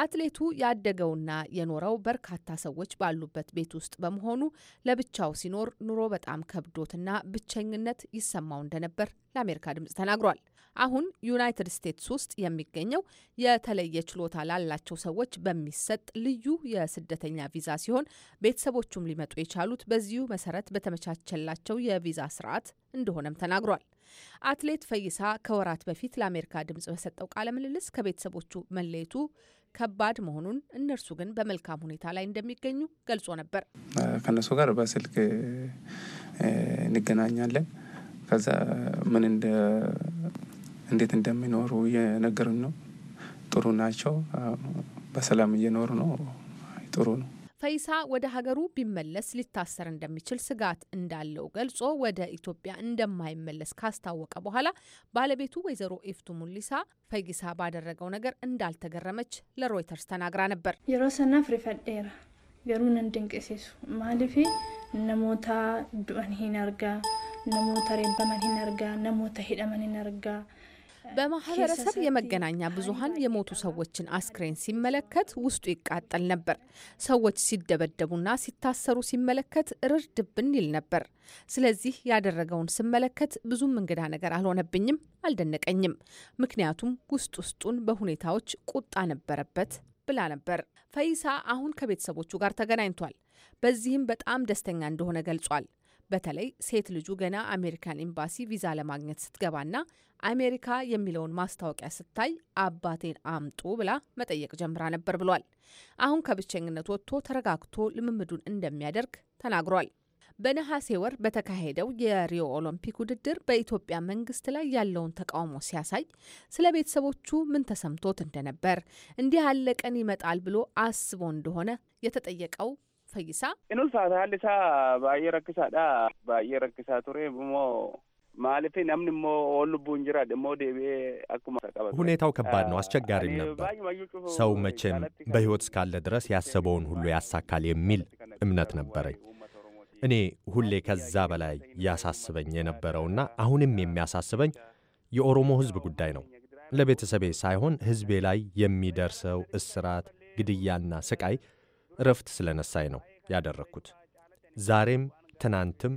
አትሌቱ ያደገውና የኖረው በርካታ ሰዎች ባሉበት ቤት ውስጥ በመሆኑ ለብቻው ሲኖር ኑሮ በጣም ከብዶትና ብቸኝነት ይሰማው እንደነበር ለአሜሪካ ድምጽ ተናግሯል። አሁን ዩናይትድ ስቴትስ ውስጥ የሚገኘው የተለየ ችሎታ ላላቸው ሰዎች በሚሰጥ ልዩ የስደተኛ ቪዛ ሲሆን ቤተሰቦቹም ሊመጡ የቻሉት በዚሁ መሰረት በተመቻቸላቸው የቪዛ ስርዓት እንደሆነም ተናግሯል። አትሌት ፈይሳ ከወራት በፊት ለአሜሪካ ድምጽ በሰጠው ቃለ ምልልስ ከቤተሰቦቹ መለየቱ ከባድ መሆኑን እነርሱ ግን በመልካም ሁኔታ ላይ እንደሚገኙ ገልጾ ነበር። ከነሱ ጋር በስልክ እንገናኛለን። ከዛ ምን እንዴት እንደሚኖሩ እየነገሩን ነው። ጥሩ ናቸው። በሰላም እየኖሩ ነው። ጥሩ ነው። ፈይሳ ወደ ሀገሩ ቢመለስ ሊታሰር እንደሚችል ስጋት እንዳለው ገልጾ ወደ ኢትዮጵያ እንደማይመለስ ካስታወቀ በኋላ ባለቤቱ ወይዘሮ ኢፍቱ ሙሊሳ ፈይሳ ባደረገው ነገር እንዳልተገረመች ለሮይተርስ ተናግራ ነበር። የሮሰና ፍሪፈዴራ ገሩን እንድንቅሴሱ ማልፌ ነሞታ ዱአን ሂን አርጋ ነሞታ ሬበመን ሂን አርጋ ነሞታ ሂደመን ሂን አርጋ በማህበረሰብ የመገናኛ ብዙሃን የሞቱ ሰዎችን አስክሬን ሲመለከት ውስጡ ይቃጠል ነበር። ሰዎች ሲደበደቡና ሲታሰሩ ሲመለከት ርድብን ይል ነበር። ስለዚህ ያደረገውን ስመለከት ብዙም እንግዳ ነገር አልሆነብኝም፣ አልደነቀኝም። ምክንያቱም ውስጥ ውስጡን በሁኔታዎች ቁጣ ነበረበት ብላ ነበር። ፈይሳ አሁን ከቤተሰቦቹ ጋር ተገናኝቷል። በዚህም በጣም ደስተኛ እንደሆነ ገልጿል። በተለይ ሴት ልጁ ገና አሜሪካን ኤምባሲ ቪዛ ለማግኘት ስትገባና አሜሪካ የሚለውን ማስታወቂያ ስታይ አባቴን አምጡ ብላ መጠየቅ ጀምራ ነበር ብሏል። አሁን ከብቸኝነት ወጥቶ ተረጋግቶ ልምምዱን እንደሚያደርግ ተናግሯል። በነሐሴ ወር በተካሄደው የሪዮ ኦሎምፒክ ውድድር በኢትዮጵያ መንግስት ላይ ያለውን ተቃውሞ ሲያሳይ ስለ ቤተሰቦቹ ምን ተሰምቶት እንደነበር እንዲህ ያለ ቀን ይመጣል ብሎ አስቦ እንደሆነ የተጠየቀው ፈይሳ ኑሳ ታልሳ ባየ ዳ ባየ ቱሬ ብሞ ማለቴ ነምን ሞ ኦልቡ እንጅራ ደሞ ደቤ አኩማ ሁኔታው ከባድ ነው፣ አስቸጋሪም ነበር። ሰው መቼም በህይወት እስካለ ድረስ ያሰበውን ሁሉ ያሳካል የሚል እምነት ነበረኝ። እኔ ሁሌ ከዛ በላይ ያሳስበኝ የነበረውና አሁንም የሚያሳስበኝ የኦሮሞ ህዝብ ጉዳይ ነው። ለቤተሰቤ ሳይሆን ህዝቤ ላይ የሚደርሰው እስራት፣ ግድያና ስቃይ እረፍት ስለነሳኝ ነው ያደረግኩት። ዛሬም ትናንትም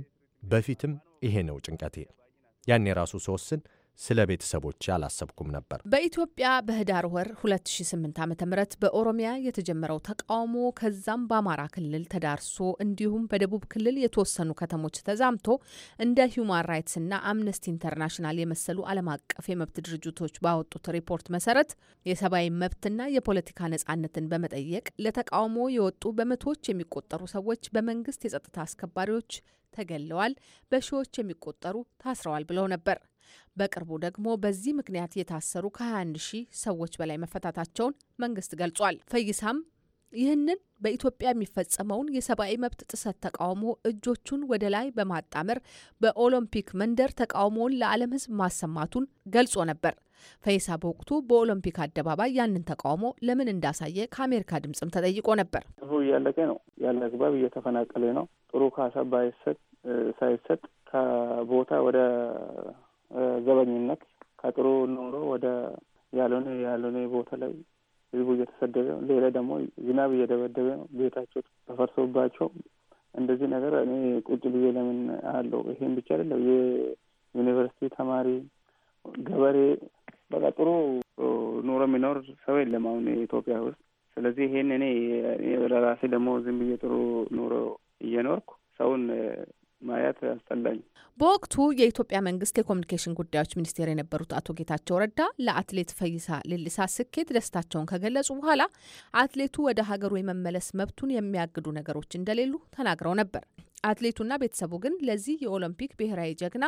በፊትም ይሄ ነው ጭንቀቴ። ያኔ ራሱ ስወስን ስለ ቤተሰቦች አላሰብኩም ነበር። በኢትዮጵያ በህዳር ወር 2008 ዓ ም በኦሮሚያ የተጀመረው ተቃውሞ ከዛም በአማራ ክልል ተዳርሶ እንዲሁም በደቡብ ክልል የተወሰኑ ከተሞች ተዛምቶ እንደ ሂውማን ራይትስ እና አምነስቲ ኢንተርናሽናል የመሰሉ ዓለም አቀፍ የመብት ድርጅቶች ባወጡት ሪፖርት መሰረት የሰብአዊ መብትና የፖለቲካ ነጻነትን በመጠየቅ ለተቃውሞ የወጡ በመቶዎች የሚቆጠሩ ሰዎች በመንግስት የጸጥታ አስከባሪዎች ተገለዋል፣ በሺዎች የሚቆጠሩ ታስረዋል ብለው ነበር። በቅርቡ ደግሞ በዚህ ምክንያት የታሰሩ ከ21 ሺህ ሰዎች በላይ መፈታታቸውን መንግስት ገልጿል። ፈይሳም ይህንን በኢትዮጵያ የሚፈጸመውን የሰብአዊ መብት ጥሰት ተቃውሞ እጆቹን ወደ ላይ በማጣመር በኦሎምፒክ መንደር ተቃውሞውን ለዓለም ሕዝብ ማሰማቱን ገልጾ ነበር። ፈይሳ በወቅቱ በኦሎምፒክ አደባባይ ያንን ተቃውሞ ለምን እንዳሳየ ከአሜሪካ ድምፅም ተጠይቆ ነበር። ሁ እያለቀ ነው፣ ያለ አግባብ እየተፈናቀለ ነው። ጥሩ ካሳ ባይሰጥ ሳይሰጥ ከቦታ ወደ ዘበኝነት ከጥሩ ኑሮ ወደ ያልሆነ ያልሆነ ቦታ ላይ ህዝቡ እየተሰደበ ነው። ሌላ ደግሞ ዝናብ እየደበደበ ነው። ቤታቸው ተፈርሶባቸው እንደዚህ ነገር እኔ ቁጭ ብዬ ለምን አለው። ይሄን ብቻ አይደለም የዩኒቨርሲቲ ተማሪ፣ ገበሬ በቃ ጥሩ ኑሮ የሚኖር ሰው የለም አሁን ኢትዮጵያ ውስጥ። ስለዚህ ይሄን እኔ ለራሴ ደግሞ ዝም ብዬ ጥሩ ኑሮ እየኖርኩ ሰውን ማየት ያስጠላኝ። በወቅቱ የኢትዮጵያ መንግስት የኮሚኒኬሽን ጉዳዮች ሚኒስቴር የነበሩት አቶ ጌታቸው ረዳ ለአትሌት ፈይሳ ሌሊሳ ስኬት ደስታቸውን ከገለጹ በኋላ አትሌቱ ወደ ሀገሩ የመመለስ መብቱን የሚያግዱ ነገሮች እንደሌሉ ተናግረው ነበር። አትሌቱና ቤተሰቡ ግን ለዚህ የኦሎምፒክ ብሔራዊ ጀግና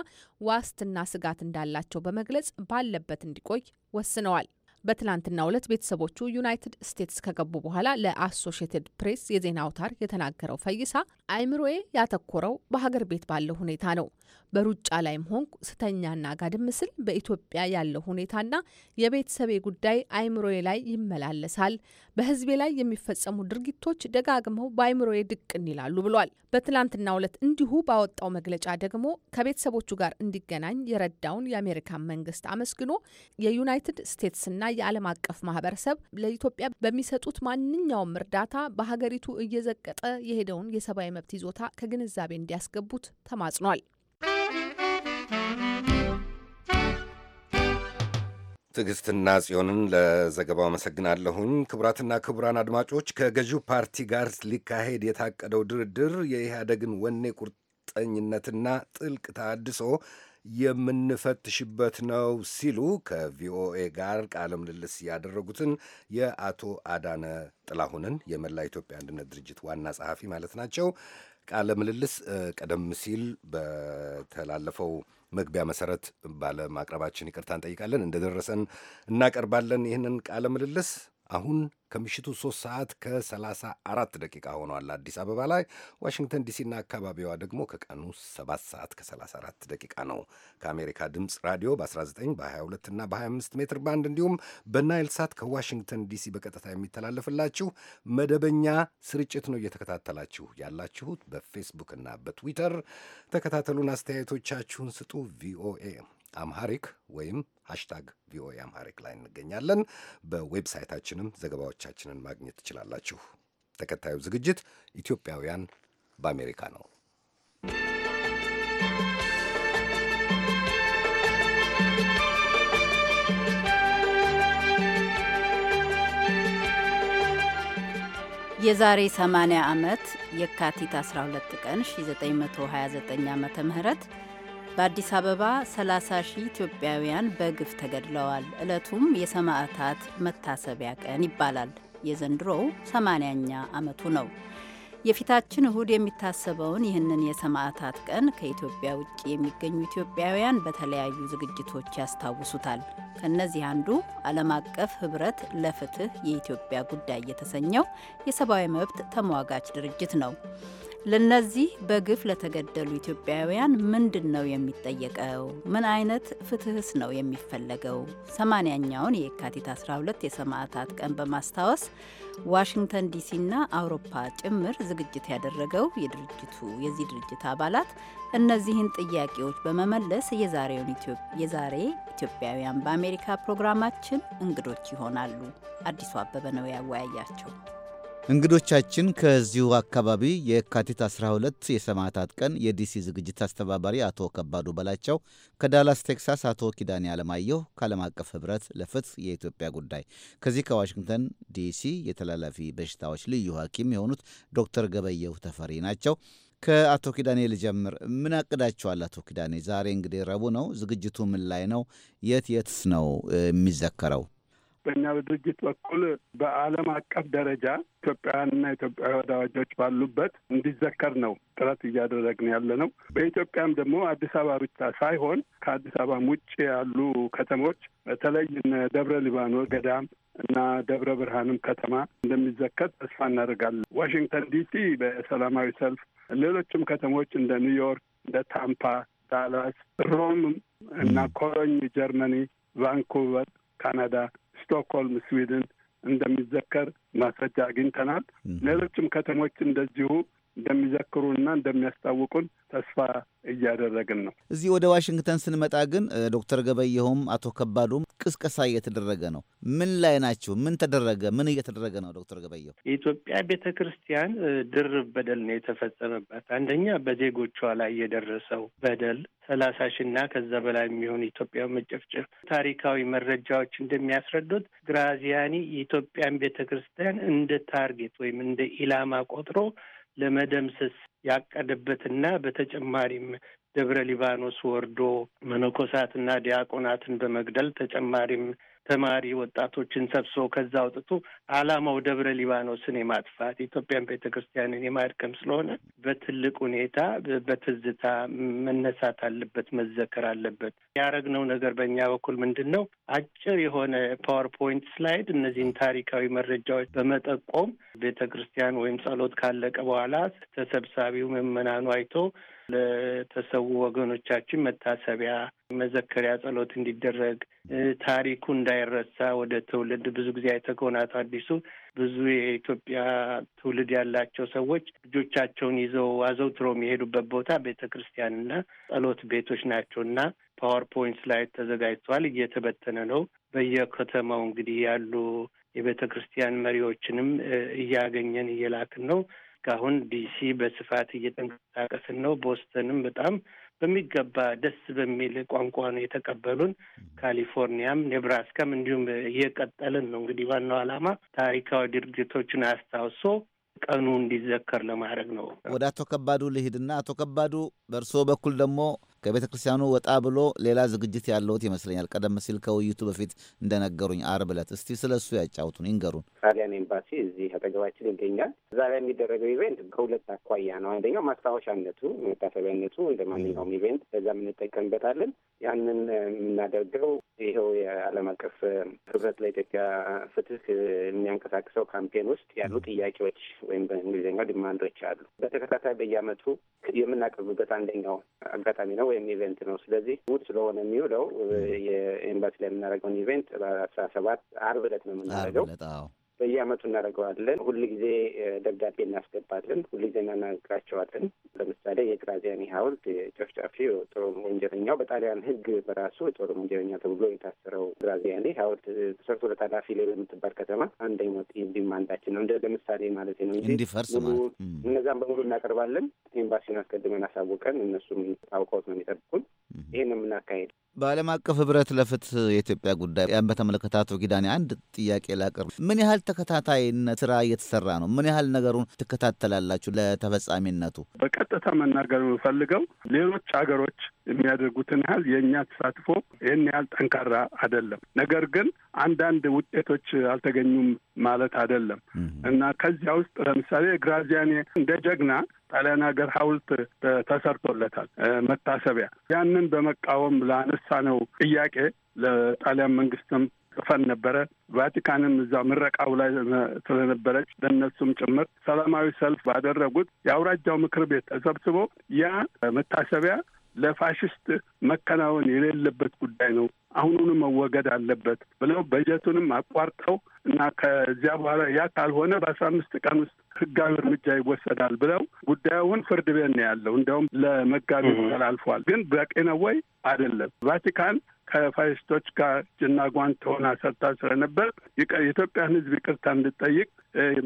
ዋስትና ስጋት እንዳላቸው በመግለጽ ባለበት እንዲቆይ ወስነዋል። በትላንትናው ዕለት ቤተሰቦቹ ዩናይትድ ስቴትስ ከገቡ በኋላ ለአሶሽትድ ፕሬስ የዜና አውታር የተናገረው ፈይሳ አይምሮዬ ያተኮረው በሀገር ቤት ባለው ሁኔታ ነው። በሩጫ ላይም ሆንኩ ስተኛና ጋድም ስል በኢትዮጵያ ያለው ሁኔታና የቤተሰቤ ጉዳይ አይምሮዬ ላይ ይመላለሳል። በህዝቤ ላይ የሚፈጸሙ ድርጊቶች ደጋግመው በአይምሮዬ ድቅን ይላሉ ብሏል። በትላንትናው ዕለት እንዲሁ ባወጣው መግለጫ ደግሞ ከቤተሰቦቹ ጋር እንዲገናኝ የረዳውን የአሜሪካን መንግስት አመስግኖ የዩናይትድ ስቴትስና የዓለም አቀፍ ማህበረሰብ ለኢትዮጵያ በሚሰጡት ማንኛውም እርዳታ በሀገሪቱ እየዘቀጠ የሄደውን የሰብአዊ መብት ይዞታ ከግንዛቤ እንዲያስገቡት ተማጽኗል። ትዕግስትና ጽዮንን ለዘገባው አመሰግናለሁኝ። ክቡራትና ክቡራን አድማጮች ከገዢው ፓርቲ ጋር ሊካሄድ የታቀደው ድርድር የኢህአደግን ወኔ ቁርጠኝነትና ጥልቅ ታድሶ የምንፈትሽበት ነው ሲሉ ከቪኦኤ ጋር ቃለ ምልልስ ያደረጉትን የአቶ አዳነ ጥላሁንን የመላ ኢትዮጵያ አንድነት ድርጅት ዋና ጸሐፊ ማለት ናቸው። ቃለ ምልልስ ቀደም ሲል በተላለፈው መግቢያ መሰረት ባለማቅረባችን ይቅርታ እንጠይቃለን። እንደደረሰን እናቀርባለን ይህንን ቃለ ምልልስ አሁን ከምሽቱ 3 ሰዓት ከ34 ደቂቃ ሆኗል አዲስ አበባ ላይ። ዋሽንግተን ዲሲና አካባቢዋ ደግሞ ከቀኑ 7 ሰዓት ከ34 ደቂቃ ነው። ከአሜሪካ ድምፅ ራዲዮ በ19 በ22 እና በ25 ሜትር ባንድ እንዲሁም በናይል ሳት ከዋሽንግተን ዲሲ በቀጥታ የሚተላለፍላችሁ መደበኛ ስርጭት ነው እየተከታተላችሁ ያላችሁት። በፌስቡክ እና በትዊተር ተከታተሉን፣ አስተያየቶቻችሁን ስጡ። ቪኦኤ አምሃሪክ ወይም ሃሽታግ ቪኦኤ አምሃሪክ ላይ እንገኛለን። በዌብሳይታችንም ዘገባዎቻችንን ማግኘት ትችላላችሁ። ተከታዩ ዝግጅት ኢትዮጵያውያን በአሜሪካ ነው። የዛሬ 80 ዓመት የካቲት 12 ቀን 1929 ዓ ም በአዲስ አበባ 30 ሺህ ኢትዮጵያውያን በግፍ ተገድለዋል። ዕለቱም የሰማዕታት መታሰቢያ ቀን ይባላል። የዘንድሮው 80ኛ ዓመቱ ነው። የፊታችን እሁድ የሚታሰበውን ይህንን የሰማዕታት ቀን ከኢትዮጵያ ውጭ የሚገኙ ኢትዮጵያውያን በተለያዩ ዝግጅቶች ያስታውሱታል። ከእነዚህ አንዱ ዓለም አቀፍ ህብረት ለፍትህ የኢትዮጵያ ጉዳይ የተሰኘው የሰብአዊ መብት ተሟጋች ድርጅት ነው። ለነዚህ በግፍ ለተገደሉ ኢትዮጵያውያን ምንድን ነው የሚጠየቀው? ምን አይነት ፍትህስ ነው የሚፈለገው? ሰማንያኛውን የካቲት 12 የሰማዕታት ቀን በማስታወስ ዋሽንግተን ዲሲና አውሮፓ ጭምር ዝግጅት ያደረገው የድርጅቱ የዚህ ድርጅት አባላት እነዚህን ጥያቄዎች በመመለስ የዛሬ ኢትዮጵያውያን በአሜሪካ ፕሮግራማችን እንግዶች ይሆናሉ። አዲሱ አበበ ነው ያወያያቸው። እንግዶቻችን ከዚሁ አካባቢ የካቲት 12 የሰማዕታት ቀን የዲሲ ዝግጅት አስተባባሪ አቶ ከባዱ በላቸው፣ ከዳላስ ቴክሳስ አቶ ኪዳኔ አለማየሁ ከዓለም አቀፍ ህብረት ለፍትህ የኢትዮጵያ ጉዳይ፣ ከዚህ ከዋሽንግተን ዲሲ የተላላፊ በሽታዎች ልዩ ሐኪም የሆኑት ዶክተር ገበየሁ ተፈሪ ናቸው። ከአቶ ኪዳኔ ልጀምር። ምን አቅዳችኋል? አቶ ኪዳኔ ዛሬ እንግዲህ ረቡዕ ነው። ዝግጅቱ ምን ላይ ነው? የት የትስ ነው የሚዘከረው? በእኛ በድርጅት በኩል በዓለም አቀፍ ደረጃ ኢትዮጵያውያንና ኢትዮጵያዊ ወዳጆች ባሉበት እንዲዘከር ነው ጥረት እያደረግን ያለ ነው። በኢትዮጵያም ደግሞ አዲስ አበባ ብቻ ሳይሆን ከአዲስ አበባም ውጭ ያሉ ከተሞች በተለይ ደብረ ሊባኖስ ገዳም እና ደብረ ብርሃንም ከተማ እንደሚዘከር ተስፋ እናደርጋለን። ዋሽንግተን ዲሲ በሰላማዊ ሰልፍ፣ ሌሎችም ከተሞች እንደ ኒውዮርክ፣ እንደ ታምፓ፣ ዳላስ፣ ሮም እና ኮሎኝ ጀርመኒ፣ ቫንኩቨር ካናዳ ስቶክሆልም ስዊድን እንደሚዘከር ማስረጃ አግኝተናል። ሌሎችም ከተሞች እንደዚሁ እንደሚዘክሩንና እንደሚያስታውቁን ተስፋ እያደረግን ነው። እዚህ ወደ ዋሽንግተን ስንመጣ ግን ዶክተር ገበየሁም አቶ ከባዱም ቅስቀሳ እየተደረገ ነው። ምን ላይ ናችሁ? ምን ተደረገ? ምን እየተደረገ ነው? ዶክተር ገበየሁ የኢትዮጵያ ቤተ ክርስቲያን ድርብ በደል ነው የተፈጸመባት። አንደኛ በዜጎቿ ላይ የደረሰው በደል ሰላሳ ሺና ከዛ በላይ የሚሆን ኢትዮጵያ መጨፍጨፍ ታሪካዊ መረጃዎች እንደሚያስረዱት ግራዚያኒ የኢትዮጵያን ቤተ ክርስቲያን እንደ ታርጌት ወይም እንደ ኢላማ ቆጥሮ ለመደምሰስ ያቀደበትና በተጨማሪም ደብረ ሊባኖስ ወርዶ መነኮሳትና ዲያቆናትን በመግደል ተጨማሪም ተማሪ ወጣቶችን ሰብስቦ ከዛ አውጥቶ አላማው ደብረ ሊባኖስን የማጥፋት ኢትዮጵያን ቤተ ክርስቲያንን የማድቀም ስለሆነ በትልቅ ሁኔታ በትዝታ መነሳት አለበት፣ መዘከር አለበት። ያደረግነው ነገር በእኛ በኩል ምንድን ነው? አጭር የሆነ ፓወርፖይንት ስላይድ እነዚህን ታሪካዊ መረጃዎች በመጠቆም ቤተ ክርስቲያን ወይም ጸሎት ካለቀ በኋላ ተሰብሳቢው ምዕመናኑ አይቶ ለተሰዉ ወገኖቻችን መታሰቢያ፣ መዘከሪያ ጸሎት እንዲደረግ ታሪኩ እንዳይረሳ ወደ ትውልድ ብዙ ጊዜ አይተኮናት አዲሱ ብዙ የኢትዮጵያ ትውልድ ያላቸው ሰዎች ልጆቻቸውን ይዘው አዘውትሮ የሚሄዱበት ቦታ ቤተ ክርስቲያንና ጸሎት ቤቶች ናቸው እና ፓወርፖይንት ላይ ተዘጋጅተዋል። እየተበተነ ነው። በየከተማው እንግዲህ ያሉ የቤተ ክርስቲያን መሪዎችንም እያገኘን እየላክን ነው። እስካሁን ዲሲ በስፋት እየተንቀሳቀስን ነው። ቦስተንም በጣም በሚገባ ደስ በሚል ቋንቋ ነው የተቀበሉን። ካሊፎርኒያም፣ ኔብራስካም እንዲሁም እየቀጠልን ነው። እንግዲህ ዋናው ዓላማ ታሪካዊ ድርጅቶችን አስታውሶ ቀኑ እንዲዘከር ለማድረግ ነው። ወደ አቶ ከባዱ ልሂድና አቶ ከባዱ በእርስዎ በኩል ደግሞ ከቤተ ክርስቲያኑ ወጣ ብሎ ሌላ ዝግጅት ያለውት ይመስለኛል። ቀደም ሲል ከውይይቱ በፊት እንደነገሩኝ አርብ ዕለት። እስቲ ስለ እሱ ያጫውቱን ይንገሩን። ጣሊያን ኤምባሲ እዚህ አጠገባችን ይገኛል። እዛ ላይ የሚደረገው ኢቬንት ከሁለት አኳያ ነው። አንደኛው ማስታወሻነቱ፣ መታሰቢያነቱ እንደ ማንኛውም ኢቬንት በዛ የምንጠቀምበታለን። ያንን የምናደርገው ይኸው የዓለም አቀፍ ህብረት ለኢትዮጵያ ፍትህ የሚያንቀሳቅሰው ካምፔን ውስጥ ያሉ ጥያቄዎች ወይም በእንግሊዝኛው ዲማንዶች አሉ። በተከታታይ በየዓመቱ የምናቀርብበት አንደኛው አጋጣሚ ነው። ወይም ኢቨንት ነው። ስለዚህ እሑድ ስለሆነ የሚውለው የኤምባሲ ላይ የምናደርገውን ኢቨንት በአስራ ሰባት አርብ ዕለት ነው የምናደርገው። በየአመቱ እናደርገዋለን። ሁል ጊዜ ደብዳቤ እናስገባለን። ሁል ጊዜ እናናግራቸዋለን። ለምሳሌ የግራዚያኒ ሐውልት ጨፍጫፊ ጦር ወንጀለኛው በጣሊያን ሕግ በራሱ ጦር ወንጀለኛ ተብሎ የታሰረው ግራዚያኒ ሐውልት ተሰርቶ ኃላፊ ላይ በምትባል ከተማ አንደኛው ዚህም አንዳችን ነው እንደ ለምሳሌ ማለት ነው እንጂ እንዲፈርስ ማለት እነዛም በሙሉ እናቀርባለን። ኤምባሲውን አስቀድመን አሳውቀን እነሱም አውቀውት ነው የሚጠብቁን። ይህን የምናካሄድ በዓለም አቀፍ ህብረት ለፍትህ የኢትዮጵያ ጉዳይ ያን በተመለከተ አቶ ኪዳኔ አንድ ጥያቄ ላቅርብ። ምን ያህል ተከታታይነት ስራ እየተሰራ ነው? ምን ያህል ነገሩን ትከታተላላችሁ? ለተፈጻሚነቱ በቀጥታ መናገር የምፈልገው ሌሎች ሀገሮች የሚያደርጉትን ያህል የእኛ ተሳትፎ ይህን ያህል ጠንካራ አይደለም። ነገር ግን አንዳንድ ውጤቶች አልተገኙም ማለት አይደለም እና ከዚያ ውስጥ ለምሳሌ ግራዚያኔ እንደ ጀግና ጣሊያን ሀገር ሀውልት ተሰርቶለታል መታሰቢያ። ያንን በመቃወም ለአነስ ያነሳነው ጥያቄ ለጣሊያን መንግስትም ጽፈን ነበረ። ቫቲካንም እዛ ምረቃው ላይ ስለነበረች ለነሱም ጭምር ሰላማዊ ሰልፍ ባደረጉት የአውራጃው ምክር ቤት ተሰብስቦ ያ መታሰቢያ ለፋሽስት መከናወን የሌለበት ጉዳይ ነው፣ አሁኑኑ መወገድ አለበት ብለው በጀቱንም አቋርጠው እና ከዚያ በኋላ ያ ካልሆነ በአስራ አምስት ቀን ውስጥ ህጋዊ እርምጃ ይወሰዳል ብለው ጉዳዩን ፍርድ ቤት ነው ያለው። እንዲያውም ለመጋቢ ተላልፏል። ግን በቂ ነው ወይ አይደለም? ቫቲካን ከፋሽስቶች ጋር ጅና ጓንት ሆና ሰርታ ስለነበር የኢትዮጵያን ህዝብ ይቅርታ እንድጠይቅ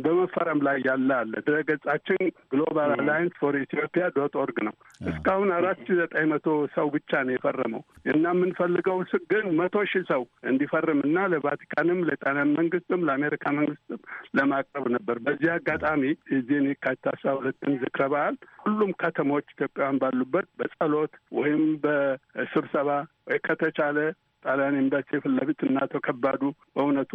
በመፈረም ላይ ያለ አለ። ድረገጻችን ግሎባል አላይንስ ፎር ኢትዮጵያ ዶት ኦርግ ነው። እስካሁን አራት ሺ ዘጠኝ መቶ ሰው ብቻ ነው የፈረመው እና የምንፈልገው ግን መቶ ሺህ ሰው እንዲፈርም እና ለቫቲካንም ለጣሊያን መንግስትም ለአሜሪካ መንግስትም ለማቅረብ ነበር። በዚህ አጋጣሚ እዚህን የካቲት አስራ ሁለትን ዝክረ በዓል ሁሉም ከተሞች ኢትዮጵያውያን ባሉበት በጸሎት ወይም በስብሰባ ከተቻለ ጣሊያን ኤምባሲ ፊት ለፊት እና አቶ ከባዱ በእውነቱ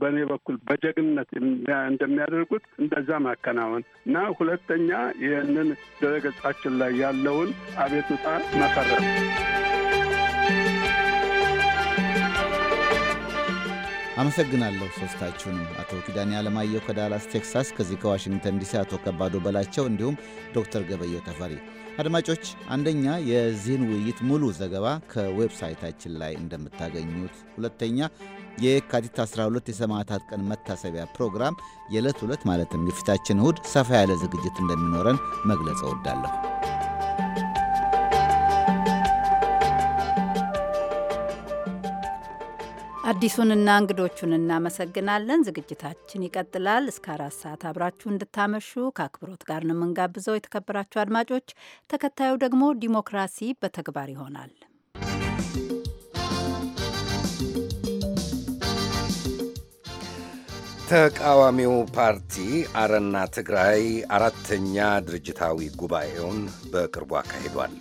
በእኔ በኩል በጀግንነት እንደሚያደርጉት እንደዛ ማከናወን እና ሁለተኛ ይህንን ድረገጻችን ላይ ያለውን አቤቱታ መሰረት አመሰግናለሁ ሶስታችሁንም። አቶ ኪዳኔ አለማየሁ ከዳላስ ቴክሳስ፣ ከዚህ ከዋሽንግተን ዲሲ አቶ ከባዶ በላቸው እንዲሁም ዶክተር ገበየው ተፈሪ። አድማጮች አንደኛ የዚህን ውይይት ሙሉ ዘገባ ከዌብሳይታችን ላይ እንደምታገኙት፣ ሁለተኛ የካቲት 12 የሰማዕታት ቀን መታሰቢያ ፕሮግራም የዕለት ሁለት ማለትም የፊታችን እሁድ ሰፋ ያለ ዝግጅት እንደሚኖረን መግለጽ እወዳለሁ። አዲሱንና እንግዶቹን እናመሰግናለን። ዝግጅታችን ይቀጥላል። እስከ አራት ሰዓት አብራችሁ እንድታመሹ ከአክብሮት ጋር ነው የምንጋብዘው። የተከበራችሁ አድማጮች፣ ተከታዩ ደግሞ ዲሞክራሲ በተግባር ይሆናል። ተቃዋሚው ፓርቲ አረና ትግራይ አራተኛ ድርጅታዊ ጉባኤውን በቅርቡ አካሂዷል።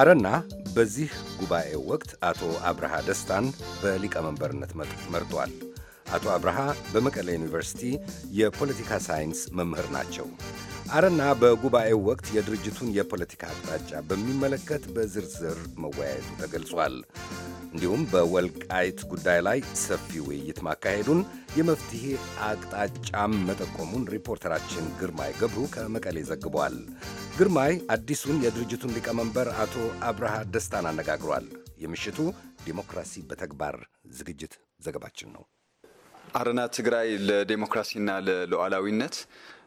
አረና በዚህ ጉባኤ ወቅት አቶ አብርሃ ደስታን በሊቀመንበርነት መርጧል። አቶ አብርሃ በመቀለ ዩኒቨርሲቲ የፖለቲካ ሳይንስ መምህር ናቸው። አረና በጉባኤው ወቅት የድርጅቱን የፖለቲካ አቅጣጫ በሚመለከት በዝርዝር መወያየቱ ተገልጿል። እንዲሁም በወልቃይት ጉዳይ ላይ ሰፊ ውይይት ማካሄዱን የመፍትሄ አቅጣጫም መጠቆሙን ሪፖርተራችን ግርማይ ገብሩ ከመቀሌ ዘግቧል። ግርማይ አዲሱን የድርጅቱን ሊቀመንበር አቶ አብርሃ ደስታን አነጋግሯል። የምሽቱ ዲሞክራሲ በተግባር ዝግጅት ዘገባችን ነው። አረና ትግራይ ለዴሞክራሲና ለሉዓላዊነት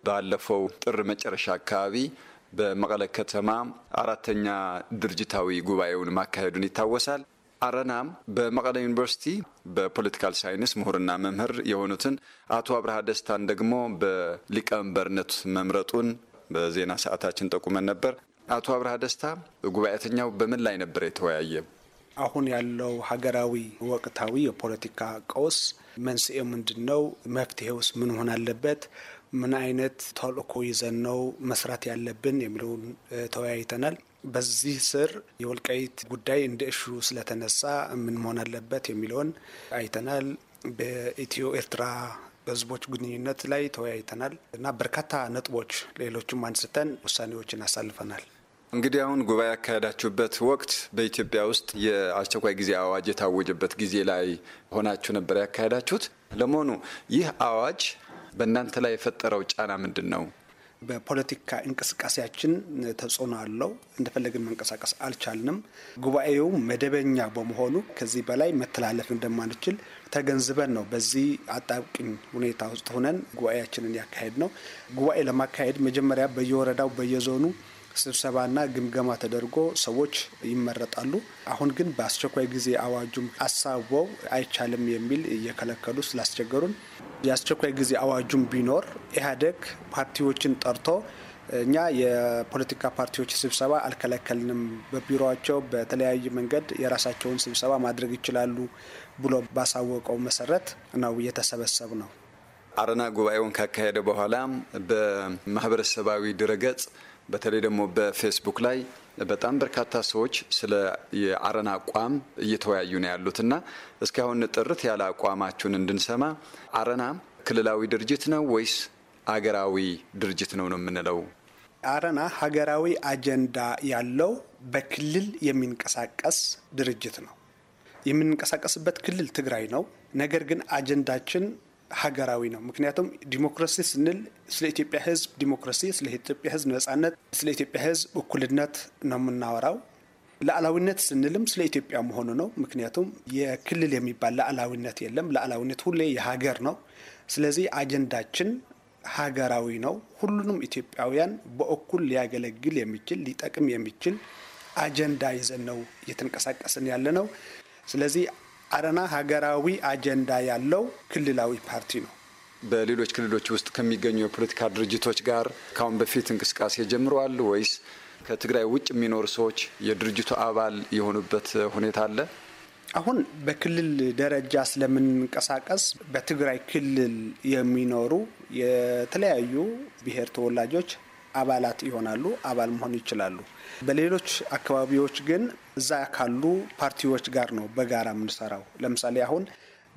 ባለፈው ጥር መጨረሻ አካባቢ በመቀለ ከተማ አራተኛ ድርጅታዊ ጉባኤውን ማካሄዱን ይታወሳል። አረናም በመቀለ ዩኒቨርሲቲ በፖለቲካል ሳይንስ ምሁርና መምህር የሆኑትን አቶ አብርሃ ደስታን ደግሞ በሊቀመንበርነት መምረጡን በዜና ሰዓታችን ጠቁመን ነበር። አቶ አብርሃ ደስታ ጉባኤተኛው በምን ላይ ነበር የተወያየ? አሁን ያለው ሀገራዊ ወቅታዊ የፖለቲካ ቀውስ መንስኤ ምንድን ነው? መፍትሄ ውስጥ ምን ሆን አለበት? ምን አይነት ተልእኮ ይዘን ነው መስራት ያለብን የሚለውን ተወያይተናል። በዚህ ስር የወልቃይት ጉዳይ እንደ እሹ ስለተነሳ ምን መሆን አለበት የሚለውን አይተናል። በኢትዮ ኤርትራ ህዝቦች ግንኙነት ላይ ተወያይተናል እና በርካታ ነጥቦች ሌሎችም አንስተን ውሳኔዎችን አሳልፈናል። እንግዲህ አሁን ጉባኤ ያካሄዳችሁበት ወቅት በኢትዮጵያ ውስጥ የአስቸኳይ ጊዜ አዋጅ የታወጀበት ጊዜ ላይ ሆናችሁ ነበር ያካሄዳችሁት። ለመሆኑ ይህ አዋጅ በእናንተ ላይ የፈጠረው ጫና ምንድን ነው? በፖለቲካ እንቅስቃሴያችን ተጽዕኖ አለው። እንደፈለግን መንቀሳቀስ አልቻልንም። ጉባኤው መደበኛ በመሆኑ ከዚህ በላይ መተላለፍ እንደማንችል ተገንዝበን ነው በዚህ አጣብቅኝ ሁኔታ ውስጥ ሆነን ጉባኤያችንን ያካሄድ ነው። ጉባኤ ለማካሄድ መጀመሪያ በየወረዳው በየዞኑ ስብሰባና ግምገማ ተደርጎ ሰዎች ይመረጣሉ። አሁን ግን በአስቸኳይ ጊዜ አዋጁም አሳበው አይቻልም የሚል እየከለከሉ ስላስቸገሩን የአስቸኳይ ጊዜ አዋጁም ቢኖር ኢህአዴግ ፓርቲዎችን ጠርቶ እኛ የፖለቲካ ፓርቲዎች ስብሰባ አልከለከልንም፣ በቢሮቸው በተለያዩ መንገድ የራሳቸውን ስብሰባ ማድረግ ይችላሉ ብሎ ባሳወቀው መሰረት ነው የተሰበሰብ ነው። አረና ጉባኤውን ካካሄደ በኋላ በማህበረሰባዊ ድረገጽ በተለይ ደግሞ በፌስቡክ ላይ በጣም በርካታ ሰዎች ስለ የአረና አቋም እየተወያዩ ነው ያሉትና እስካሁን ጥርት ያለ አቋማችሁን እንድንሰማ አረና ክልላዊ ድርጅት ነው ወይስ አገራዊ ድርጅት ነው ነው የምንለው? አረና ሀገራዊ አጀንዳ ያለው በክልል የሚንቀሳቀስ ድርጅት ነው። የምንንቀሳቀስበት ክልል ትግራይ ነው። ነገር ግን አጀንዳችን ሀገራዊ ነው። ምክንያቱም ዲሞክራሲ ስንል ስለ ኢትዮጵያ ህዝብ ዲሞክራሲ፣ ስለ ኢትዮጵያ ህዝብ ነጻነት፣ ስለ ኢትዮጵያ ህዝብ እኩልነት ነው የምናወራው። ለዓላዊነት ስንልም ስለ ኢትዮጵያ መሆኑ ነው። ምክንያቱም የክልል የሚባል ለዓላዊነት የለም። ለዓላዊነት ሁሌ የሀገር ነው። ስለዚህ አጀንዳችን ሀገራዊ ነው። ሁሉንም ኢትዮጵያውያን በእኩል ሊያገለግል የሚችል ሊጠቅም የሚችል አጀንዳ ይዘን ነው እየተንቀሳቀስን ያለ ነው። ስለዚህ አረና ሀገራዊ አጀንዳ ያለው ክልላዊ ፓርቲ ነው። በሌሎች ክልሎች ውስጥ ከሚገኙ የፖለቲካ ድርጅቶች ጋር ካሁን በፊት እንቅስቃሴ ጀምረዋል ወይስ ከትግራይ ውጭ የሚኖሩ ሰዎች የድርጅቱ አባል የሆኑበት ሁኔታ አለ? አሁን በክልል ደረጃ ስለምንንቀሳቀስ በትግራይ ክልል የሚኖሩ የተለያዩ ብሔር ተወላጆች አባላት ይሆናሉ፣ አባል መሆን ይችላሉ። በሌሎች አካባቢዎች ግን እዛ ካሉ ፓርቲዎች ጋር ነው በጋራ የምንሰራው። ለምሳሌ አሁን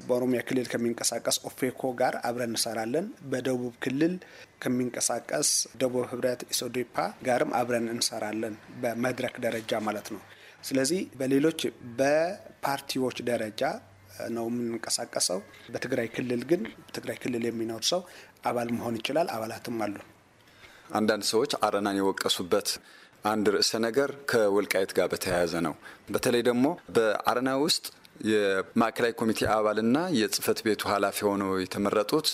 በኦሮሚያ ክልል ከሚንቀሳቀስ ኦፌኮ ጋር አብረን እንሰራለን። በደቡብ ክልል ከሚንቀሳቀስ ደቡብ ህብረት ኢሶዴፓ ጋርም አብረን እንሰራለን፣ በመድረክ ደረጃ ማለት ነው። ስለዚህ በሌሎች በፓርቲዎች ደረጃ ነው የምንንቀሳቀሰው። በትግራይ ክልል ግን ትግራይ ክልል የሚኖር ሰው አባል መሆን ይችላል። አባላትም አሉ። አንዳንድ ሰዎች አረናን የወቀሱበት አንድ ርዕሰ ነገር ከወልቃይት ጋር በተያያዘ ነው። በተለይ ደግሞ በአረና ውስጥ የማዕከላዊ ኮሚቴ አባልና የጽህፈት ቤቱ ኃላፊ ሆነው የተመረጡት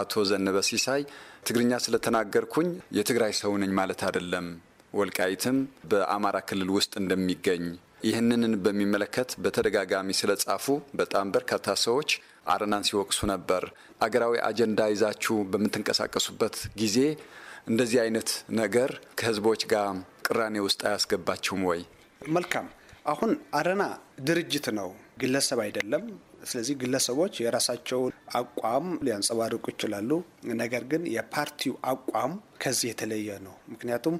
አቶ ዘነበ ሲሳይ ትግርኛ ስለተናገርኩኝ የትግራይ ሰው ነኝ ማለት አይደለም፣ ወልቃይትም በአማራ ክልል ውስጥ እንደሚገኝ ይህንን በሚመለከት በተደጋጋሚ ስለጻፉ በጣም በርካታ ሰዎች አረናን ሲወቅሱ ነበር። አገራዊ አጀንዳ ይዛችሁ በምትንቀሳቀሱበት ጊዜ እንደዚህ አይነት ነገር ከህዝቦች ጋር ቅራኔ ውስጥ አያስገባችሁም ወይ? መልካም። አሁን አረና ድርጅት ነው፣ ግለሰብ አይደለም። ስለዚህ ግለሰቦች የራሳቸውን አቋም ሊያንጸባርቁ ይችላሉ። ነገር ግን የፓርቲው አቋም ከዚህ የተለየ ነው። ምክንያቱም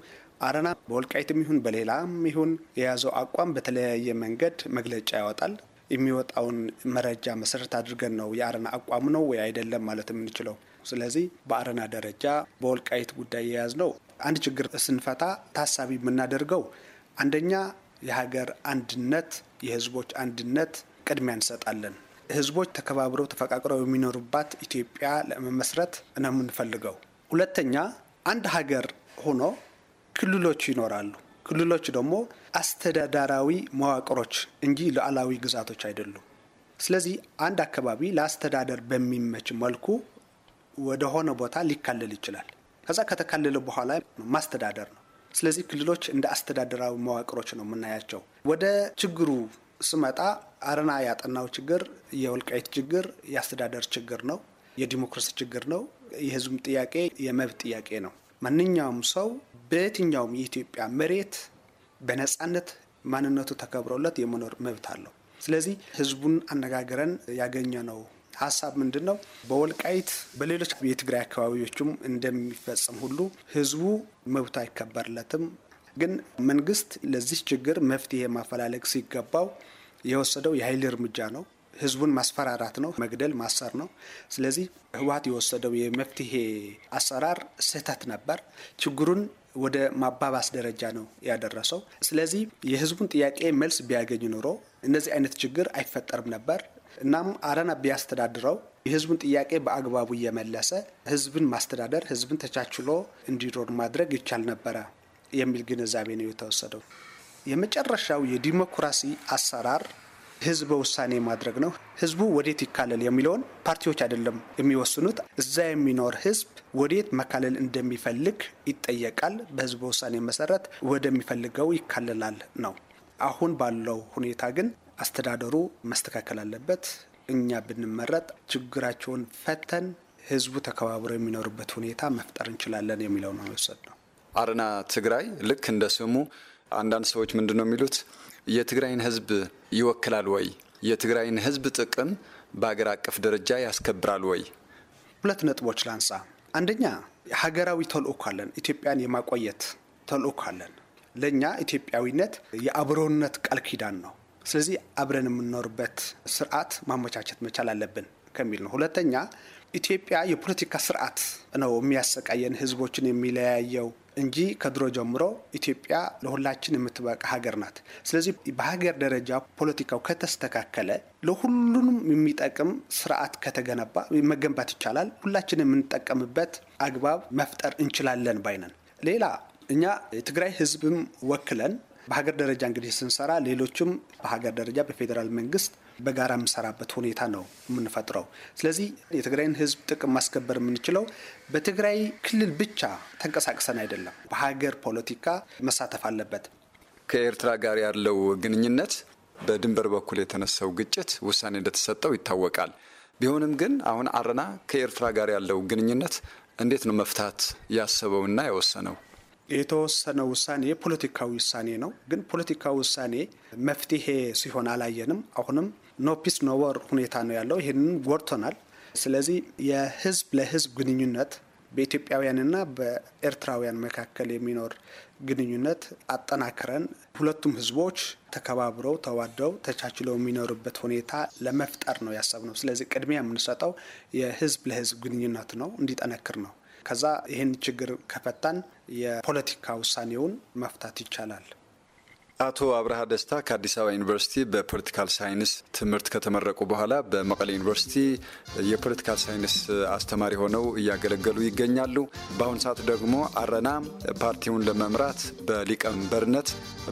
አረና በወልቃይትም ይሁን በሌላም ይሁን የያዘው አቋም በተለያየ መንገድ መግለጫ ያወጣል። የሚወጣውን መረጃ መሰረት አድርገን ነው የአረና አቋም ነው ወይ አይደለም ማለት የምንችለው። ነው። ስለዚህ በአረና ደረጃ በወልቃይት ጉዳይ የያዝነው አንድ ችግር ስንፈታ ታሳቢ የምናደርገው አንደኛ የሀገር አንድነት፣ የህዝቦች አንድነት ቅድሚያ እንሰጣለን። ህዝቦች ተከባብረው ተፈቃቅረው የሚኖሩባት ኢትዮጵያ ለመመስረት ነው የምንፈልገው። ሁለተኛ አንድ ሀገር ሆኖ ክልሎች ይኖራሉ። ክልሎች ደግሞ አስተዳዳራዊ መዋቅሮች እንጂ ሉዓላዊ ግዛቶች አይደሉም። ስለዚህ አንድ አካባቢ ለአስተዳደር በሚመች መልኩ ወደሆነ ቦታ ሊካለል ይችላል። ከዛ ከተካለለ በኋላ ማስተዳደር ነው። ስለዚህ ክልሎች እንደ አስተዳደራዊ መዋቅሮች ነው የምናያቸው። ወደ ችግሩ ስመጣ አረና ያጠናው ችግር የወልቃይት ችግር የአስተዳደር ችግር ነው፣ የዲሞክራሲ ችግር ነው፣ የህዝብም ጥያቄ የመብት ጥያቄ ነው። ማንኛውም ሰው በየትኛውም የኢትዮጵያ መሬት በነፃነት ማንነቱ ተከብሮለት የመኖር መብት አለው። ስለዚህ ህዝቡን አነጋግረን ያገኘ ነው ሀሳብ ምንድን ነው? በወልቃይት በሌሎች የትግራይ አካባቢዎችም እንደሚፈጸም ሁሉ ህዝቡ መብቱ አይከበርለትም። ግን መንግስት ለዚህ ችግር መፍትሄ ማፈላለግ ሲገባው የወሰደው የኃይል እርምጃ ነው። ህዝቡን ማስፈራራት ነው፣ መግደል ማሰር ነው። ስለዚህ ህወሀት የወሰደው የመፍትሄ አሰራር ስህተት ነበር። ችግሩን ወደ ማባባስ ደረጃ ነው ያደረሰው። ስለዚህ የህዝቡን ጥያቄ መልስ ቢያገኝ ኖሮ እነዚህ አይነት ችግር አይፈጠርም ነበር። እናም አረና ቢያስተዳድረው የህዝቡን ጥያቄ በአግባቡ እየመለሰ ህዝብን ማስተዳደር፣ ህዝብን ተቻችሎ እንዲኖር ማድረግ ይቻል ነበረ የሚል ግንዛቤ ነው የተወሰደው። የመጨረሻው የዲሞክራሲ አሰራር ህዝበ ውሳኔ ማድረግ ነው። ህዝቡ ወዴት ይካለል የሚለውን ፓርቲዎች አይደለም የሚወስኑት። እዛ የሚኖር ህዝብ ወዴት መካለል እንደሚፈልግ ይጠየቃል። በህዝበ ውሳኔ መሰረት ወደሚፈልገው ይካለላል ነው። አሁን ባለው ሁኔታ ግን አስተዳደሩ መስተካከል አለበት። እኛ ብንመረጥ ችግራቸውን ፈተን ህዝቡ ተከባብሮ የሚኖርበት ሁኔታ መፍጠር እንችላለን የሚለው ነው የወሰድ ነው። አረና ትግራይ ልክ እንደ ስሙ አንዳንድ ሰዎች ምንድን ነው የሚሉት የትግራይን ህዝብ ይወክላል ወይ? የትግራይን ህዝብ ጥቅም በሀገር አቀፍ ደረጃ ያስከብራል ወይ? ሁለት ነጥቦች ላንሳ። አንደኛ ሀገራዊ ተልእኮ አለን። ኢትዮጵያን የማቆየት ተልእኮ አለን። ለእኛ ኢትዮጵያዊነት የአብሮነት ቃል ኪዳን ነው። ስለዚህ አብረን የምንኖርበት ስርዓት ማመቻቸት መቻል አለብን ከሚል ነው። ሁለተኛ ኢትዮጵያ የፖለቲካ ስርዓት ነው የሚያሰቃየን፣ ህዝቦችን የሚለያየው እንጂ ከድሮ ጀምሮ ኢትዮጵያ ለሁላችን የምትበቃ ሀገር ናት። ስለዚህ በሀገር ደረጃ ፖለቲካው ከተስተካከለ ለሁሉንም የሚጠቅም ስርዓት ከተገነባ መገንባት ይቻላል። ሁላችን የምንጠቀምበት አግባብ መፍጠር እንችላለን ባይነን። ሌላ እኛ የትግራይ ህዝብም ወክለን በሀገር ደረጃ እንግዲህ ስንሰራ ሌሎችም በሀገር ደረጃ በፌዴራል መንግስት በጋራ የምንሰራበት ሁኔታ ነው የምንፈጥረው። ስለዚህ የትግራይን ህዝብ ጥቅም ማስከበር የምንችለው በትግራይ ክልል ብቻ ተንቀሳቅሰን አይደለም። በሀገር ፖለቲካ መሳተፍ አለበት። ከኤርትራ ጋር ያለው ግንኙነት በድንበር በኩል የተነሳው ግጭት ውሳኔ እንደተሰጠው ይታወቃል። ቢሆንም ግን አሁን አረና ከኤርትራ ጋር ያለው ግንኙነት እንዴት ነው መፍታት ያሰበውና የወሰነው? የተወሰነ ውሳኔ ፖለቲካዊ ውሳኔ ነው። ግን ፖለቲካዊ ውሳኔ መፍትሄ ሲሆን አላየንም። አሁንም ኖ ፒስ ኖ ወር ሁኔታ ነው ያለው። ይህንን ጎድቶናል። ስለዚህ የህዝብ ለህዝብ ግንኙነት በኢትዮጵያውያንና በኤርትራውያን መካከል የሚኖር ግንኙነት አጠናክረን ሁለቱም ህዝቦች ተከባብረው ተዋደው ተቻችለው የሚኖርበት ሁኔታ ለመፍጠር ነው ያሰብነው። ስለዚህ ቅድሚያ የምንሰጠው የህዝብ ለህዝብ ግንኙነት ነው እንዲጠነክር ነው። ከዛ ይህን ችግር ከፈታን የፖለቲካ ውሳኔውን መፍታት ይቻላል። አቶ አብርሃ ደስታ ከአዲስ አበባ ዩኒቨርሲቲ በፖለቲካል ሳይንስ ትምህርት ከተመረቁ በኋላ በመቀሌ ዩኒቨርሲቲ የፖለቲካል ሳይንስ አስተማሪ ሆነው እያገለገሉ ይገኛሉ። በአሁን ሰዓት ደግሞ አረና ፓርቲውን ለመምራት በሊቀመንበርነት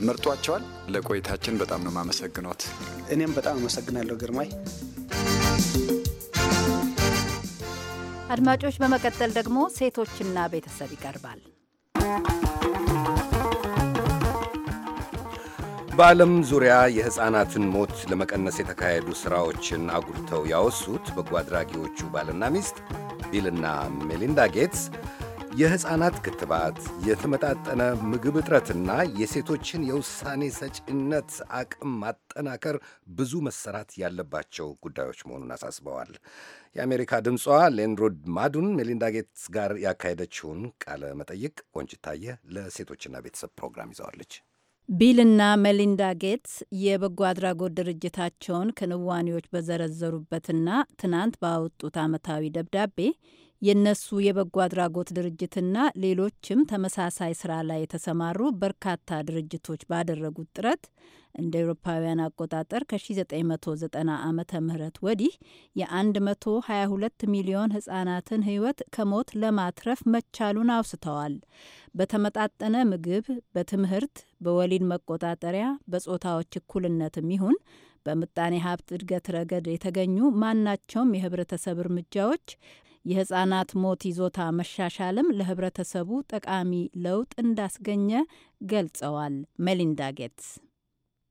መርጧቸዋል። ለቆይታችን በጣም ነው ማመሰግኖት። እኔም በጣም አመሰግናለሁ ግርማይ። አድማጮች፣ በመቀጠል ደግሞ ሴቶችና ቤተሰብ ይቀርባል። በዓለም ዙሪያ የሕፃናትን ሞት ለመቀነስ የተካሄዱ ሥራዎችን አጉልተው ያወሱት በጎ አድራጊዎቹ ባልና ሚስት ቢልና ሜሊንዳ ጌትስ የሕፃናት ክትባት፣ የተመጣጠነ ምግብ እጥረትና የሴቶችን የውሳኔ ሰጪነት አቅም ማጠናከር ብዙ መሰራት ያለባቸው ጉዳዮች መሆኑን አሳስበዋል። የአሜሪካ ድምጿ ሌንሮድ ማዱን ሜሊንዳ ጌትስ ጋር ያካሄደችውን ቃለ መጠይቅ ቆንጅታየ ለሴቶችና ቤተሰብ ፕሮግራም ይዘዋለች። ቢልና መሊንዳ ጌትስ የበጎ አድራጎት ድርጅታቸውን ክንዋኔዎች በዘረዘሩበትና ትናንት ባወጡት ዓመታዊ ደብዳቤ የእነሱ የበጎ አድራጎት ድርጅትና ሌሎችም ተመሳሳይ ስራ ላይ የተሰማሩ በርካታ ድርጅቶች ባደረጉት ጥረት እንደ ኤሮፓውያን አቆጣጠር ከ1990 ዓ ም ወዲህ የ122 ሚሊዮን ህጻናትን ህይወት ከሞት ለማትረፍ መቻሉን አውስተዋል። በተመጣጠነ ምግብ፣ በትምህርት፣ በወሊድ መቆጣጠሪያ፣ በጾታዎች እኩልነትም ይሁን በምጣኔ ሀብት እድገት ረገድ የተገኙ ማናቸውም የህብረተሰብ እርምጃዎች የህጻናት ሞት ይዞታ መሻሻልም ለህብረተሰቡ ጠቃሚ ለውጥ እንዳስገኘ ገልጸዋል። ሜሊንዳ ጌትስ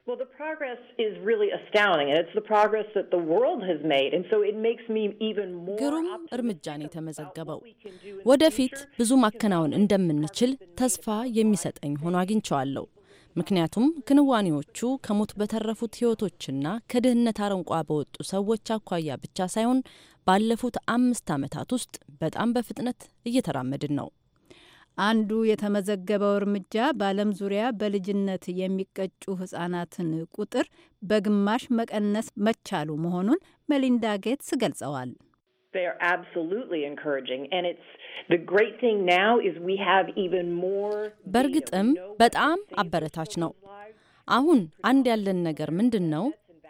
Well, the progress is really astounding, and it's the progress that the world has made, and so it makes me even more. ግሩም እርምጃን የተመዘገበው ወደፊት ብዙ ማከናወን እንደምንችል ተስፋ የሚሰጠኝ ሆኖ አግኝቸዋለሁ። ምክንያቱም ክንዋኔዎቹ ከሞት በተረፉት ህይወቶችና ከድህነት አረንቋ በወጡ ሰዎች አኳያ ብቻ ሳይሆን ባለፉት አምስት ዓመታት ውስጥ በጣም በፍጥነት እየተራመድን ነው። አንዱ የተመዘገበው እርምጃ በዓለም ዙሪያ በልጅነት የሚቀጩ ህጻናትን ቁጥር በግማሽ መቀነስ መቻሉ መሆኑን መሊንዳ ጌትስ ገልጸዋል። are absolutely encouraging and it's the great thing now is we have even more በእርግጥም በጣም አበረታች ነው። አሁን አንድ ያለን ነገር ምንድን ነው?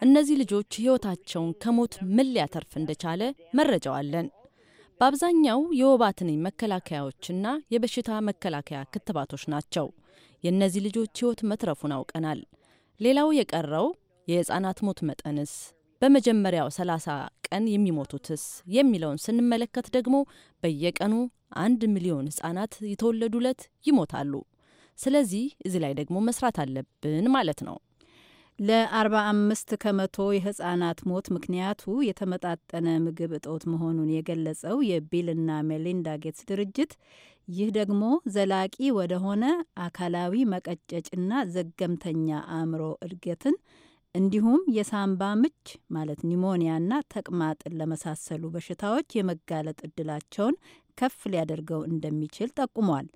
እነዚህ ልጆች ህይወታቸውን ከሞት ምን ሊያተርፍ እንደቻለ መረጃው አለን። በአብዛኛው የወባ ትንኝ መከላከያዎችና የበሽታ መከላከያ ክትባቶች ናቸው። የእነዚህ ልጆች ህይወት መትረፉን አውቀናል። ሌላው የቀረው የህፃናት ሞት መጠንስ በመጀመሪያው 30 ቀን የሚሞቱትስ የሚለውን ስንመለከት ደግሞ በየቀኑ አንድ ሚሊዮን ህጻናት የተወለዱ ዕለት ይሞታሉ። ስለዚህ እዚህ ላይ ደግሞ መስራት አለብን ማለት ነው። ለ45 ከመቶ የህጻናት ሞት ምክንያቱ የተመጣጠነ ምግብ እጦት መሆኑን የገለጸው የቢልና ሜሊንዳ ጌትስ ድርጅት ይህ ደግሞ ዘላቂ ወደሆነ አካላዊ መቀጨጭና ዘገምተኛ አእምሮ እድገትን እንዲሁም የሳምባ ምች ማለት ኒሞኒያና ተቅማጥን ለመሳሰሉ በሽታዎች የመጋለጥ እድላቸውን ከፍ ሊያደርገው እንደሚችል ጠቁሟል።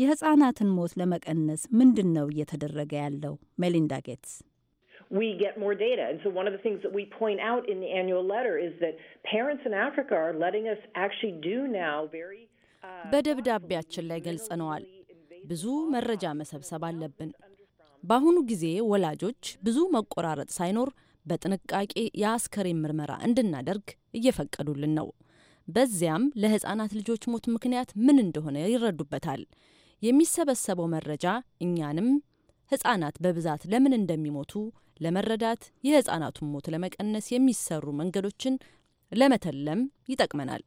የህጻናትን ሞት ለመቀነስ ምንድን ነው እየተደረገ ያለው? ሜሊንዳ ጌትስ we get more data. And so one of the things that we point out in the annual letter is that parents in Africa are letting us actually do now very uh, በደብዳቤያችን ላይ ገልጸነዋል። ብዙ መረጃ መሰብሰብ አለብን። በአሁኑ ጊዜ ወላጆች ብዙ መቆራረጥ ሳይኖር በጥንቃቄ የአስከሬን ምርመራ እንድናደርግ እየፈቀዱልን ነው። በዚያም ለህፃናት ልጆች ሞት ምክንያት ምን እንደሆነ ይረዱበታል። የሚሰበሰበው መረጃ እኛንም ህጻናት በብዛት ለምን እንደሚሞቱ ለመረዳት የህጻናቱን ሞት ለመቀነስ የሚሰሩ መንገዶችን ለመተለም ይጠቅመናል።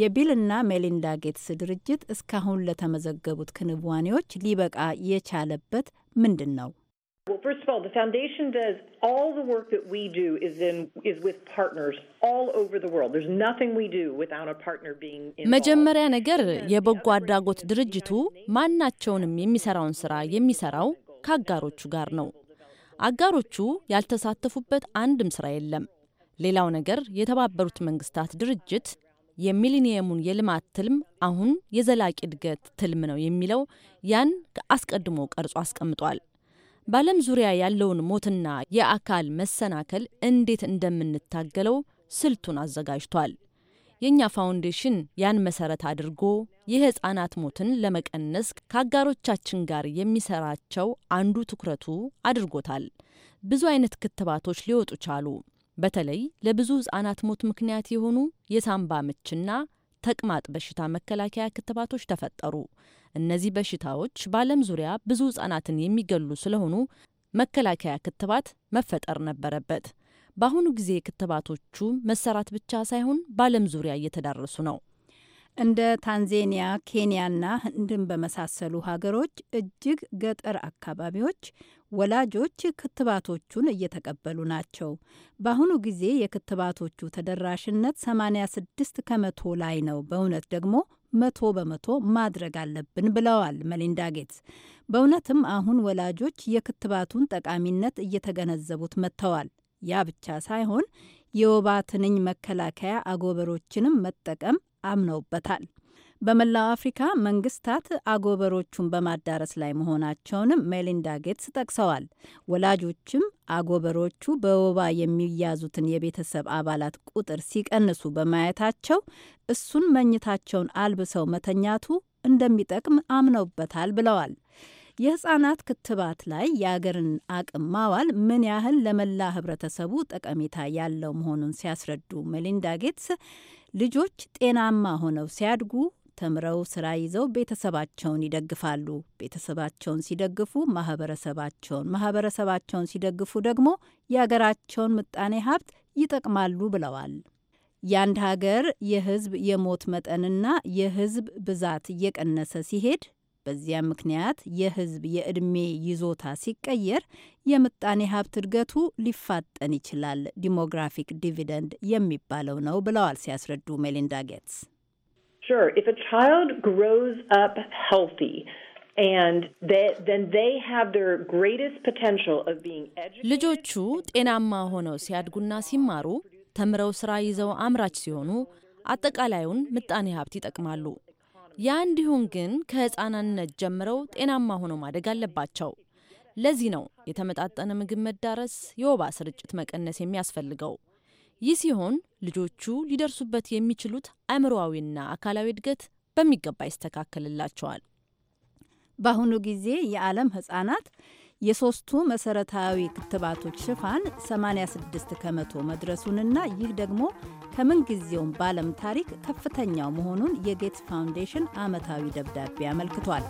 የቢልና ሜሊንዳ ጌትስ ድርጅት እስካሁን ለተመዘገቡት ክንዋኔዎች ሊበቃ የቻለበት ምንድን ነው? መጀመሪያ ነገር የበጎ አድራጎት ድርጅቱ ማናቸውንም የሚሰራውን ስራ የሚሰራው ከአጋሮቹ ጋር ነው። አጋሮቹ ያልተሳተፉበት አንድም ስራ የለም። ሌላው ነገር የተባበሩት መንግስታት ድርጅት የሚሊኒየሙን የልማት ትልም አሁን የዘላቂ እድገት ትልም ነው የሚለው ያን አስቀድሞ ቀርጾ አስቀምጧል። በዓለም ዙሪያ ያለውን ሞትና የአካል መሰናከል እንዴት እንደምንታገለው ስልቱን አዘጋጅቷል። የእኛ ፋውንዴሽን ያን መሰረት አድርጎ የህፃናት ሞትን ለመቀነስ ከአጋሮቻችን ጋር የሚሰራቸው አንዱ ትኩረቱ አድርጎታል። ብዙ አይነት ክትባቶች ሊወጡ ቻሉ። በተለይ ለብዙ ህጻናት ሞት ምክንያት የሆኑ የሳምባ ምችና ተቅማጥ በሽታ መከላከያ ክትባቶች ተፈጠሩ። እነዚህ በሽታዎች በዓለም ዙሪያ ብዙ ህጻናትን የሚገሉ ስለሆኑ መከላከያ ክትባት መፈጠር ነበረበት። በአሁኑ ጊዜ ክትባቶቹ መሰራት ብቻ ሳይሆን በዓለም ዙሪያ እየተዳረሱ ነው። እንደ ታንዜኒያ፣ ኬንያና ህንድን በመሳሰሉ ሀገሮች እጅግ ገጠር አካባቢዎች ወላጆች ክትባቶቹን እየተቀበሉ ናቸው። በአሁኑ ጊዜ የክትባቶቹ ተደራሽነት 86 ከመቶ ላይ ነው። በእውነት ደግሞ መቶ በመቶ ማድረግ አለብን ብለዋል መሊንዳ ጌትስ። በእውነትም አሁን ወላጆች የክትባቱን ጠቃሚነት እየተገነዘቡት መጥተዋል። ያ ብቻ ሳይሆን የወባ ትንኝ መከላከያ አጎበሮችንም መጠቀም አምነውበታል። በመላው አፍሪካ መንግስታት አጎበሮቹን በማዳረስ ላይ መሆናቸውንም ሜሊንዳ ጌትስ ጠቅሰዋል። ወላጆችም አጎበሮቹ በወባ የሚያዙትን የቤተሰብ አባላት ቁጥር ሲቀንሱ በማየታቸው እሱን መኝታቸውን አልብሰው መተኛቱ እንደሚጠቅም አምነውበታል ብለዋል። የህጻናት ክትባት ላይ የአገርን አቅም ማዋል ምን ያህል ለመላ ህብረተሰቡ ጠቀሜታ ያለው መሆኑን ሲያስረዱ ሜሊንዳ ጌትስ ልጆች ጤናማ ሆነው ሲያድጉ ተምረው ስራ ይዘው ቤተሰባቸውን ይደግፋሉ። ቤተሰባቸውን ሲደግፉ ማህበረሰባቸውን፣ ማህበረሰባቸውን ሲደግፉ ደግሞ የሀገራቸውን ምጣኔ ሀብት ይጠቅማሉ ብለዋል። የአንድ ሀገር የህዝብ የሞት መጠንና የህዝብ ብዛት እየቀነሰ ሲሄድ በዚያ ምክንያት የህዝብ የዕድሜ ይዞታ ሲቀየር የምጣኔ ሀብት እድገቱ ሊፋጠን ይችላል፣ ዲሞግራፊክ ዲቪደንድ የሚባለው ነው ብለዋል ሲያስረዱ ሜሊንዳ ጌትስ። ልጆቹ ጤናማ ሆነው ሲያድጉና ሲማሩ ተምረው ስራ ይዘው አምራች ሲሆኑ አጠቃላዩን ምጣኔ ሀብት ይጠቅማሉ። ያ እንዲሁን ግን ከህፃናነት ጀምረው ጤናማ ሆነው ማደግ አለባቸው። ለዚህ ነው የተመጣጠነ ምግብ መዳረስ፣ የወባ ስርጭት መቀነስ የሚያስፈልገው። ይህ ሲሆን ልጆቹ ሊደርሱበት የሚችሉት አእምሮዊና አካላዊ እድገት በሚገባ ይስተካከልላቸዋል። በአሁኑ ጊዜ የዓለም ህጻናት የሶስቱ መሰረታዊ ክትባቶች ሽፋን 86 ከመቶ መድረሱንና ይህ ደግሞ ከምን ጊዜውም በዓለም ታሪክ ከፍተኛው መሆኑን የጌትስ ፋውንዴሽን ዓመታዊ ደብዳቤ አመልክቷል።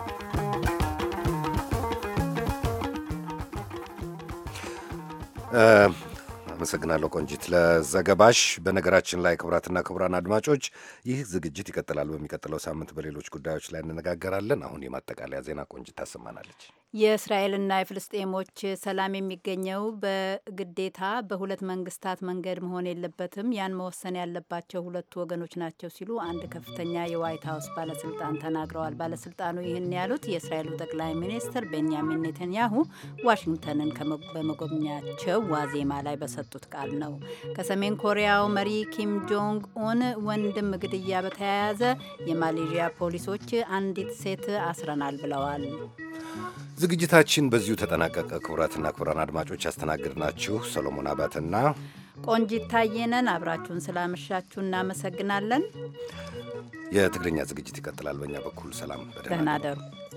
አመሰግናለሁ ቆንጂት ለዘገባሽ። በነገራችን ላይ ክቡራትና ክቡራን አድማጮች ይህ ዝግጅት ይቀጥላል። በሚቀጥለው ሳምንት በሌሎች ጉዳዮች ላይ እንነጋገራለን። አሁን የማጠቃለያ ዜና ቆንጂት ታሰማናለች። የእስራኤልና የፍልስጤሞች ሰላም የሚገኘው በግዴታ በሁለት መንግስታት መንገድ መሆን የለበትም፣ ያን መወሰን ያለባቸው ሁለቱ ወገኖች ናቸው ሲሉ አንድ ከፍተኛ የዋይት ሀውስ ባለስልጣን ተናግረዋል። ባለስልጣኑ ይህን ያሉት የእስራኤሉ ጠቅላይ ሚኒስትር ቤንያሚን ኔተንያሁ ዋሽንግተንን በመጎብኛቸው ዋዜማ ላይ በሰጡት ቃል ነው። ከሰሜን ኮሪያው መሪ ኪም ጆንግ ኡን ወንድም ግድያ በተያያዘ የማሌዥያ ፖሊሶች አንዲት ሴት አስረናል ብለዋል። ዝግጅታችን በዚሁ ተጠናቀቀ። ክቡራትና ክቡራን አድማጮች ያስተናግድናችሁ ሰሎሞን አባትና ቆንጂት ታየነን። አብራችሁን ስላመሻችሁ እናመሰግናለን። የትግርኛ ዝግጅት ይቀጥላል። በእኛ በኩል ሰላም፣ ደህና ደሩ።